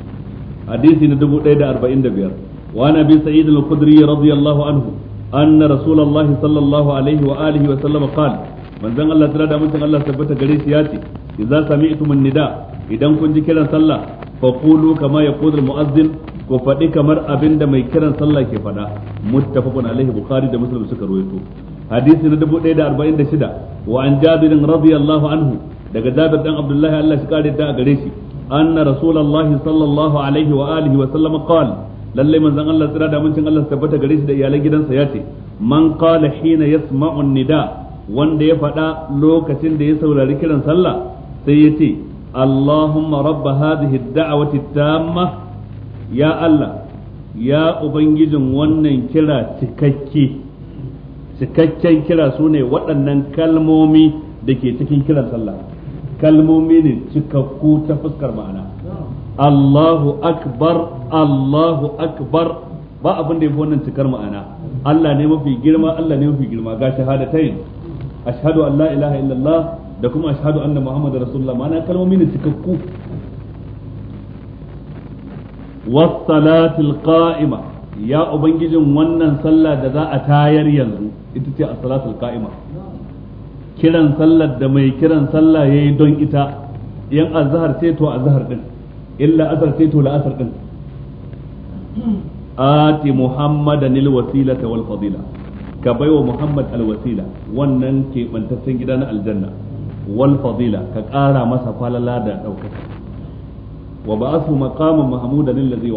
hadisi na 1045 wa nabi sa'id al-khudri radiyallahu anhu anna rasulullahi alaihi wa alihi wa sallam qala manzon Allah tana da mutum Allah tabbata gare shi ya ce idza sami an-nida idan kun ji kiran sallah faqulu kama yaqulu al-mu'azzin ku faɗi kamar abinda mai kiran sallah ke faɗa muttafaqun alaihi bukhari da muslim suka rawaito hadisi na 1046 wa an jabir radiyallahu anhu daga jabir dan abdullahi Allah shi kare da gare shi anna rasulullahi sallallahu alaihi wa alihi wa sallam qala lalle manzon Allah tsira da mincin Allah tabbata gare shi da iyalan gidansa ya ce man qala hina yasma'u nida wanda ya faɗa lokacin da ya saurari kiran sallah sai ya ce اللهم رب هذه الدعوة التامة يا الله يا أبنجزم ونن كلا تككي cikakken kira su ne waɗannan kalmomi da ke cikin kiran sallah kalmomi ne cikakku ta fuskar ma'ana Allahu akbar Allahu akbar ba abin da ya fi wannan cikar ma'ana Allah ne mafi girma Allah ne mafi girma ga shahadatain ashhadu an la ilaha illallah da kuma ashhadu anna muhammadar rasulullah ma'ana kalmomi ne cikakku wasalatul qa'ima ya ubangijin wannan sallah da za a tayar yanzu ita ce as-salatul qa'ima kiran sallar da mai kiran sallah yayi don ita yan azhar sai to azhar din illa azhar sai to la azhar din ati muhammadan al-wasilata wal fadila ka baiwa muhammad alwasila. wannan ke bantaccen gida na aljanna wal fadila ka ƙara masa falala da ɗaukaka wa ba'athu maqaman mahmudan allazi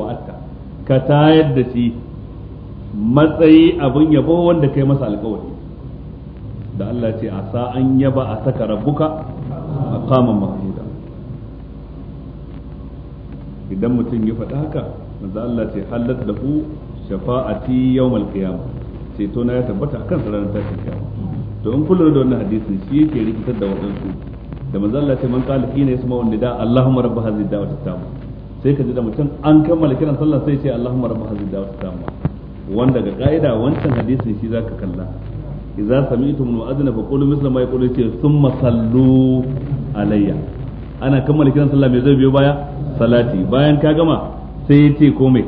ka tayar da matsayi abin yabo wanda kai masa alkawari da Allah ce a sa an yaba a saka rabbuka mahmuda idan mutum ya faɗa haka manzo Allah ce shafa'ati yawmal qiyamah ceto na ya tabbata akan ranar tashin kiyama to in kullu da wannan hadisin shi yake rikitar da waɗansu da manzo Allah sai man qala hina yasma wa nida Allahumma rabb hadhihi da'wati tamma sai ka ji da mutum an kammala kiran sallah sai ce Allahumma rabb hadhihi da'wati tamma wanda ga ka'ida wancan hadisin shi zaka kalla idza min wa'adna fa qulu misla ma yaqulu ce thumma sallu alayya ana kammala kiran sallah mai zai biyo baya salati bayan ka gama sai ya ce komai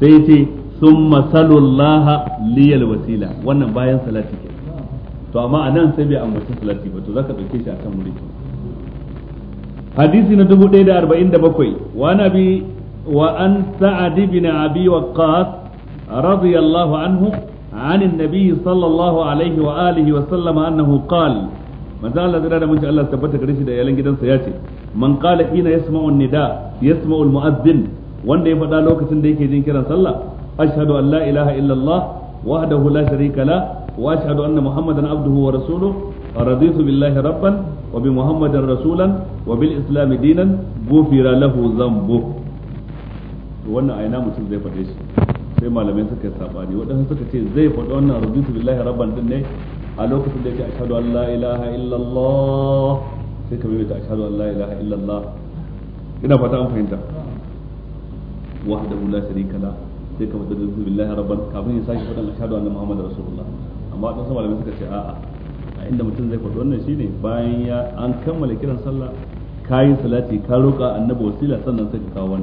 sai ya ce thumma salullaha liyal wasila wannan bayan salati ke to amma anan sai bai ambaci salati ba to zaka dauke shi akan muri hadisi na 1047 wa nabi wa an sa'ad ibn abi waqqas radiyallahu anhu عن النبي صلى الله عليه وآله وسلم أنه قال manzo Allah zai da mace Allah tabbata gare shi da iyalan gidansa ya ce man qala hina yasma'u nida yasma'u al-mu'adhdhin wanda ya faɗa lokacin da yake jin kiran sallah ashhadu an la ilaha illallah wahdahu la sharika la wa anna muhammadan abduhu wa rasuluhu raditu billahi rabban wa bi rasulan wa islam dinan gufira lahu dhanbu wannan aina mutum zai faɗe sai malamai suka yi sabani waɗansu suka ce zai faɗi wannan raditu billahi rabban din ne a lokacin da yake ashhadu an la ilaha illallah sai ka maimaita ashhadu an la ilaha illallah ina fata an fahimta sai ka mutu da billahi rabban kafin ya sake faɗin ashhadu anna muhammadar rasulullah amma dan sama suka ce a'a a inda mutum zai faɗi wannan shine bayan ya an kammala kiran sallah kayi salati ka roƙa annabi wasila sannan sai ka kawo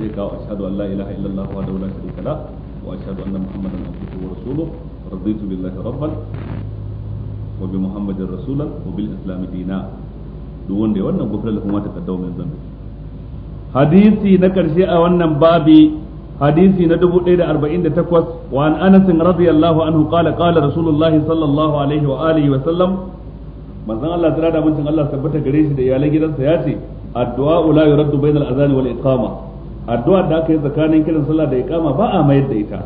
sai ka ashhadu an la ilaha illallah wa la sharika la wa ashhadu anna muhammadan abduhu wa rasuluhu raditu billahi rabban wa bi muhammadin rasulan wa bil islam dina duk wanda wannan zambi hadisi na karshe a wannan babi hadisi na 1048 wa an anas radiyallahu anhu qala qala rasulullahi sallallahu alaihi wa alihi wa sallam manzon Allah tara da mutum Allah tabbata gare shi da iyalai gidansa ya ce addu'a la yuraddu bainal azani wal iqama addu'a da aka yi tsakanin kiran sallah da iqama ba a mayar da ita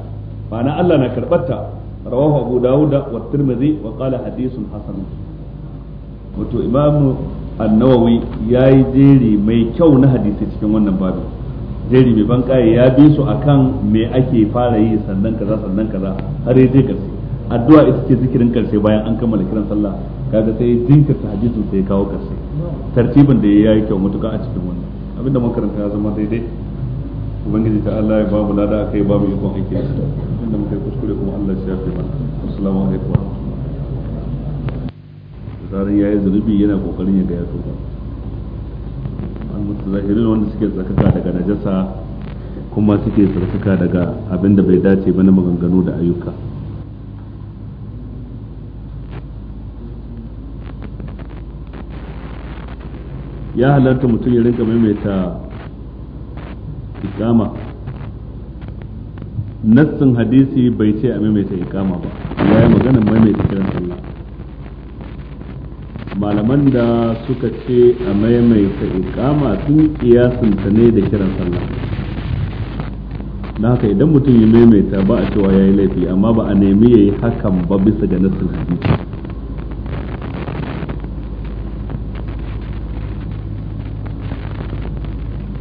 ma'ana Allah na karbarta rawahu abu dawud wa tirmidhi wa qala hadithun hasan wato imamu an-nawawi yayi jeri mai kyau na hadisi cikin wannan babin. jeri mai ban kaye ya bi su akan me ake fara yi sannan kaza sannan kaza har yaje ka karshe addu'a ita ce zikirin karshe bayan an kammala kiran sallah kaga sai jinkirta hadisin sai kawo karshe tartibin da yayi kyau mutuka a cikin wannan abinda karanta ya zama daidai ubangiji ta Allah ya babu lada akai babu ikon aiki abinda muka kuskure kuma Allah ya shafe mana assalamu alaikum zarin yayi zulubi yana kokarin ya ga ya tuba mutazahirin wanda suke tsarkaka daga najasa kuma suke tsarkaka daga abin da bai dace ba na maganganu da ayyuka ya halarta mutum ya rinka maimaita ikama nassin hadisi bai ce a maimaita ikama ba ya yi maganin maimaita kiran sallah malaman da suka ce a maimaita ikama sun kiyasin ta ne da kiran sallah na haka idan mutum ya maimaita ba a cewa ya yi laifi amma ba a nemi ya yi hakan ba bisa ga nassin hadisi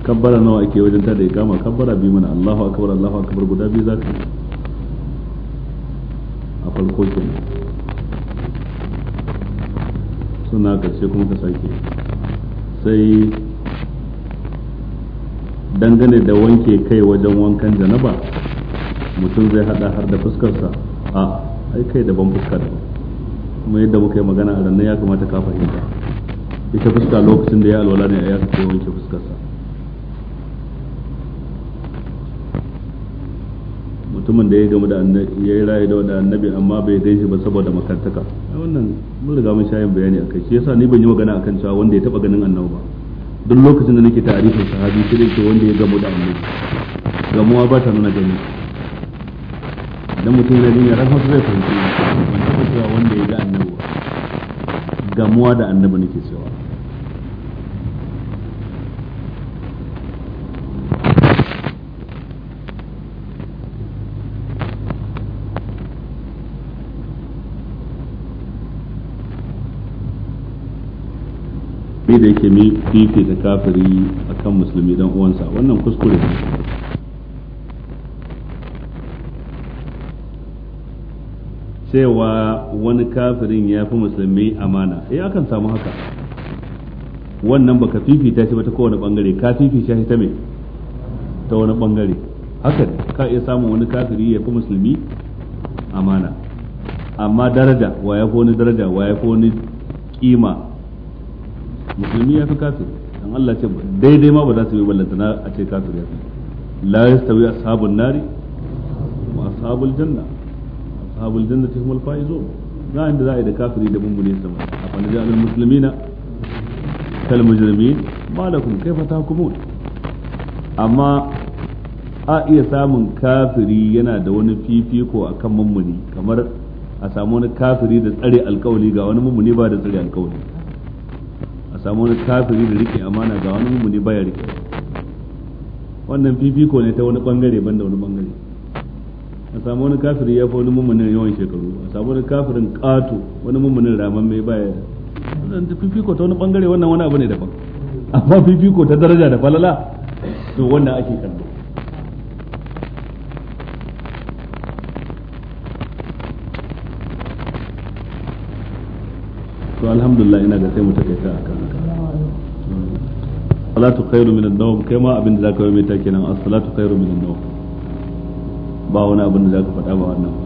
kabbara nawa ake wajen tada ikama kabbara bi mana Allahu akbar Allahu akbar guda biyu za yi a farko kenan suna karshe kuma ka sake sai dangane da wanke kai wajen wankan janaba mutum zai hada har da fuskarsa a ai kai daban fuska da kuma yadda muka yi magana a ranar ya kamata ka fahimta ita fuska lokacin da ya alwala ne a ya wanke fuskarsa mutumin da ya gamu da annabi ya yi rayu da annabi amma bai gan shi ba saboda makantaka a wannan mun riga mun shayin bayani akai shi yasa ni ban yi magana akan cewa wanda ya taba ganin annabi ba duk lokacin da nake tarihin sahabi shi dai wanda ya gamu da annabi gamuwa ba ta nuna gani dan mutum yana jin yaran hausa zai fahimci ban taba cewa wanda ya ga annabi ba gamuwa da annabi nake cewa shi da yake mai fifita kafiri akan musulmi dan uwansa wannan kuskure cewa wani kafirin ya fi musulmi amana eh akan samu haka wannan baka fifita shi ba ta kowane bangare ka fifita shi ta me ta wani bangare haka ka iya samun wani kafiri ya fi musulmi amana amma daraja wa ya fi wani daraja wa ya fi wani kima musulmi ya fi kafir dan Allah ce daidai ma ba za su yi ballanta na a ce kafir ya fi la yastawi ashabun nari wa ashabul janna ashabul ta humul faizun ga inda za a yi da kafiri da mummune sama a da al muslimina kal mujrimin ma lakum kaifa tahkumun amma a iya samun kafiri yana da wani fifiko akan mummuni kamar a samu wani kafiri da tsare alkawali ga wani mummuni ba da tsare alkawali samu wani kafiri da rike amana ga wani mummuni baya rike wannan fifiko ne ta wani bangare banda wani bangare a samu wani kafiri ya fi wani mummunin yawan shekaru a samu wani kafirin kato wani mummunin raman mai baya fifiko ta wani bangare wannan wani abu ne daban amma fifiko ta daraja da falala to wannan ake kallo to alhamdulillah ina ga sai mu takaita akan haka salatu khairu min an-nawm kai ma abin da zaka yi mai take nan as-salatu khairu min an-nawm ba wani abin da zaka faɗa ba wannan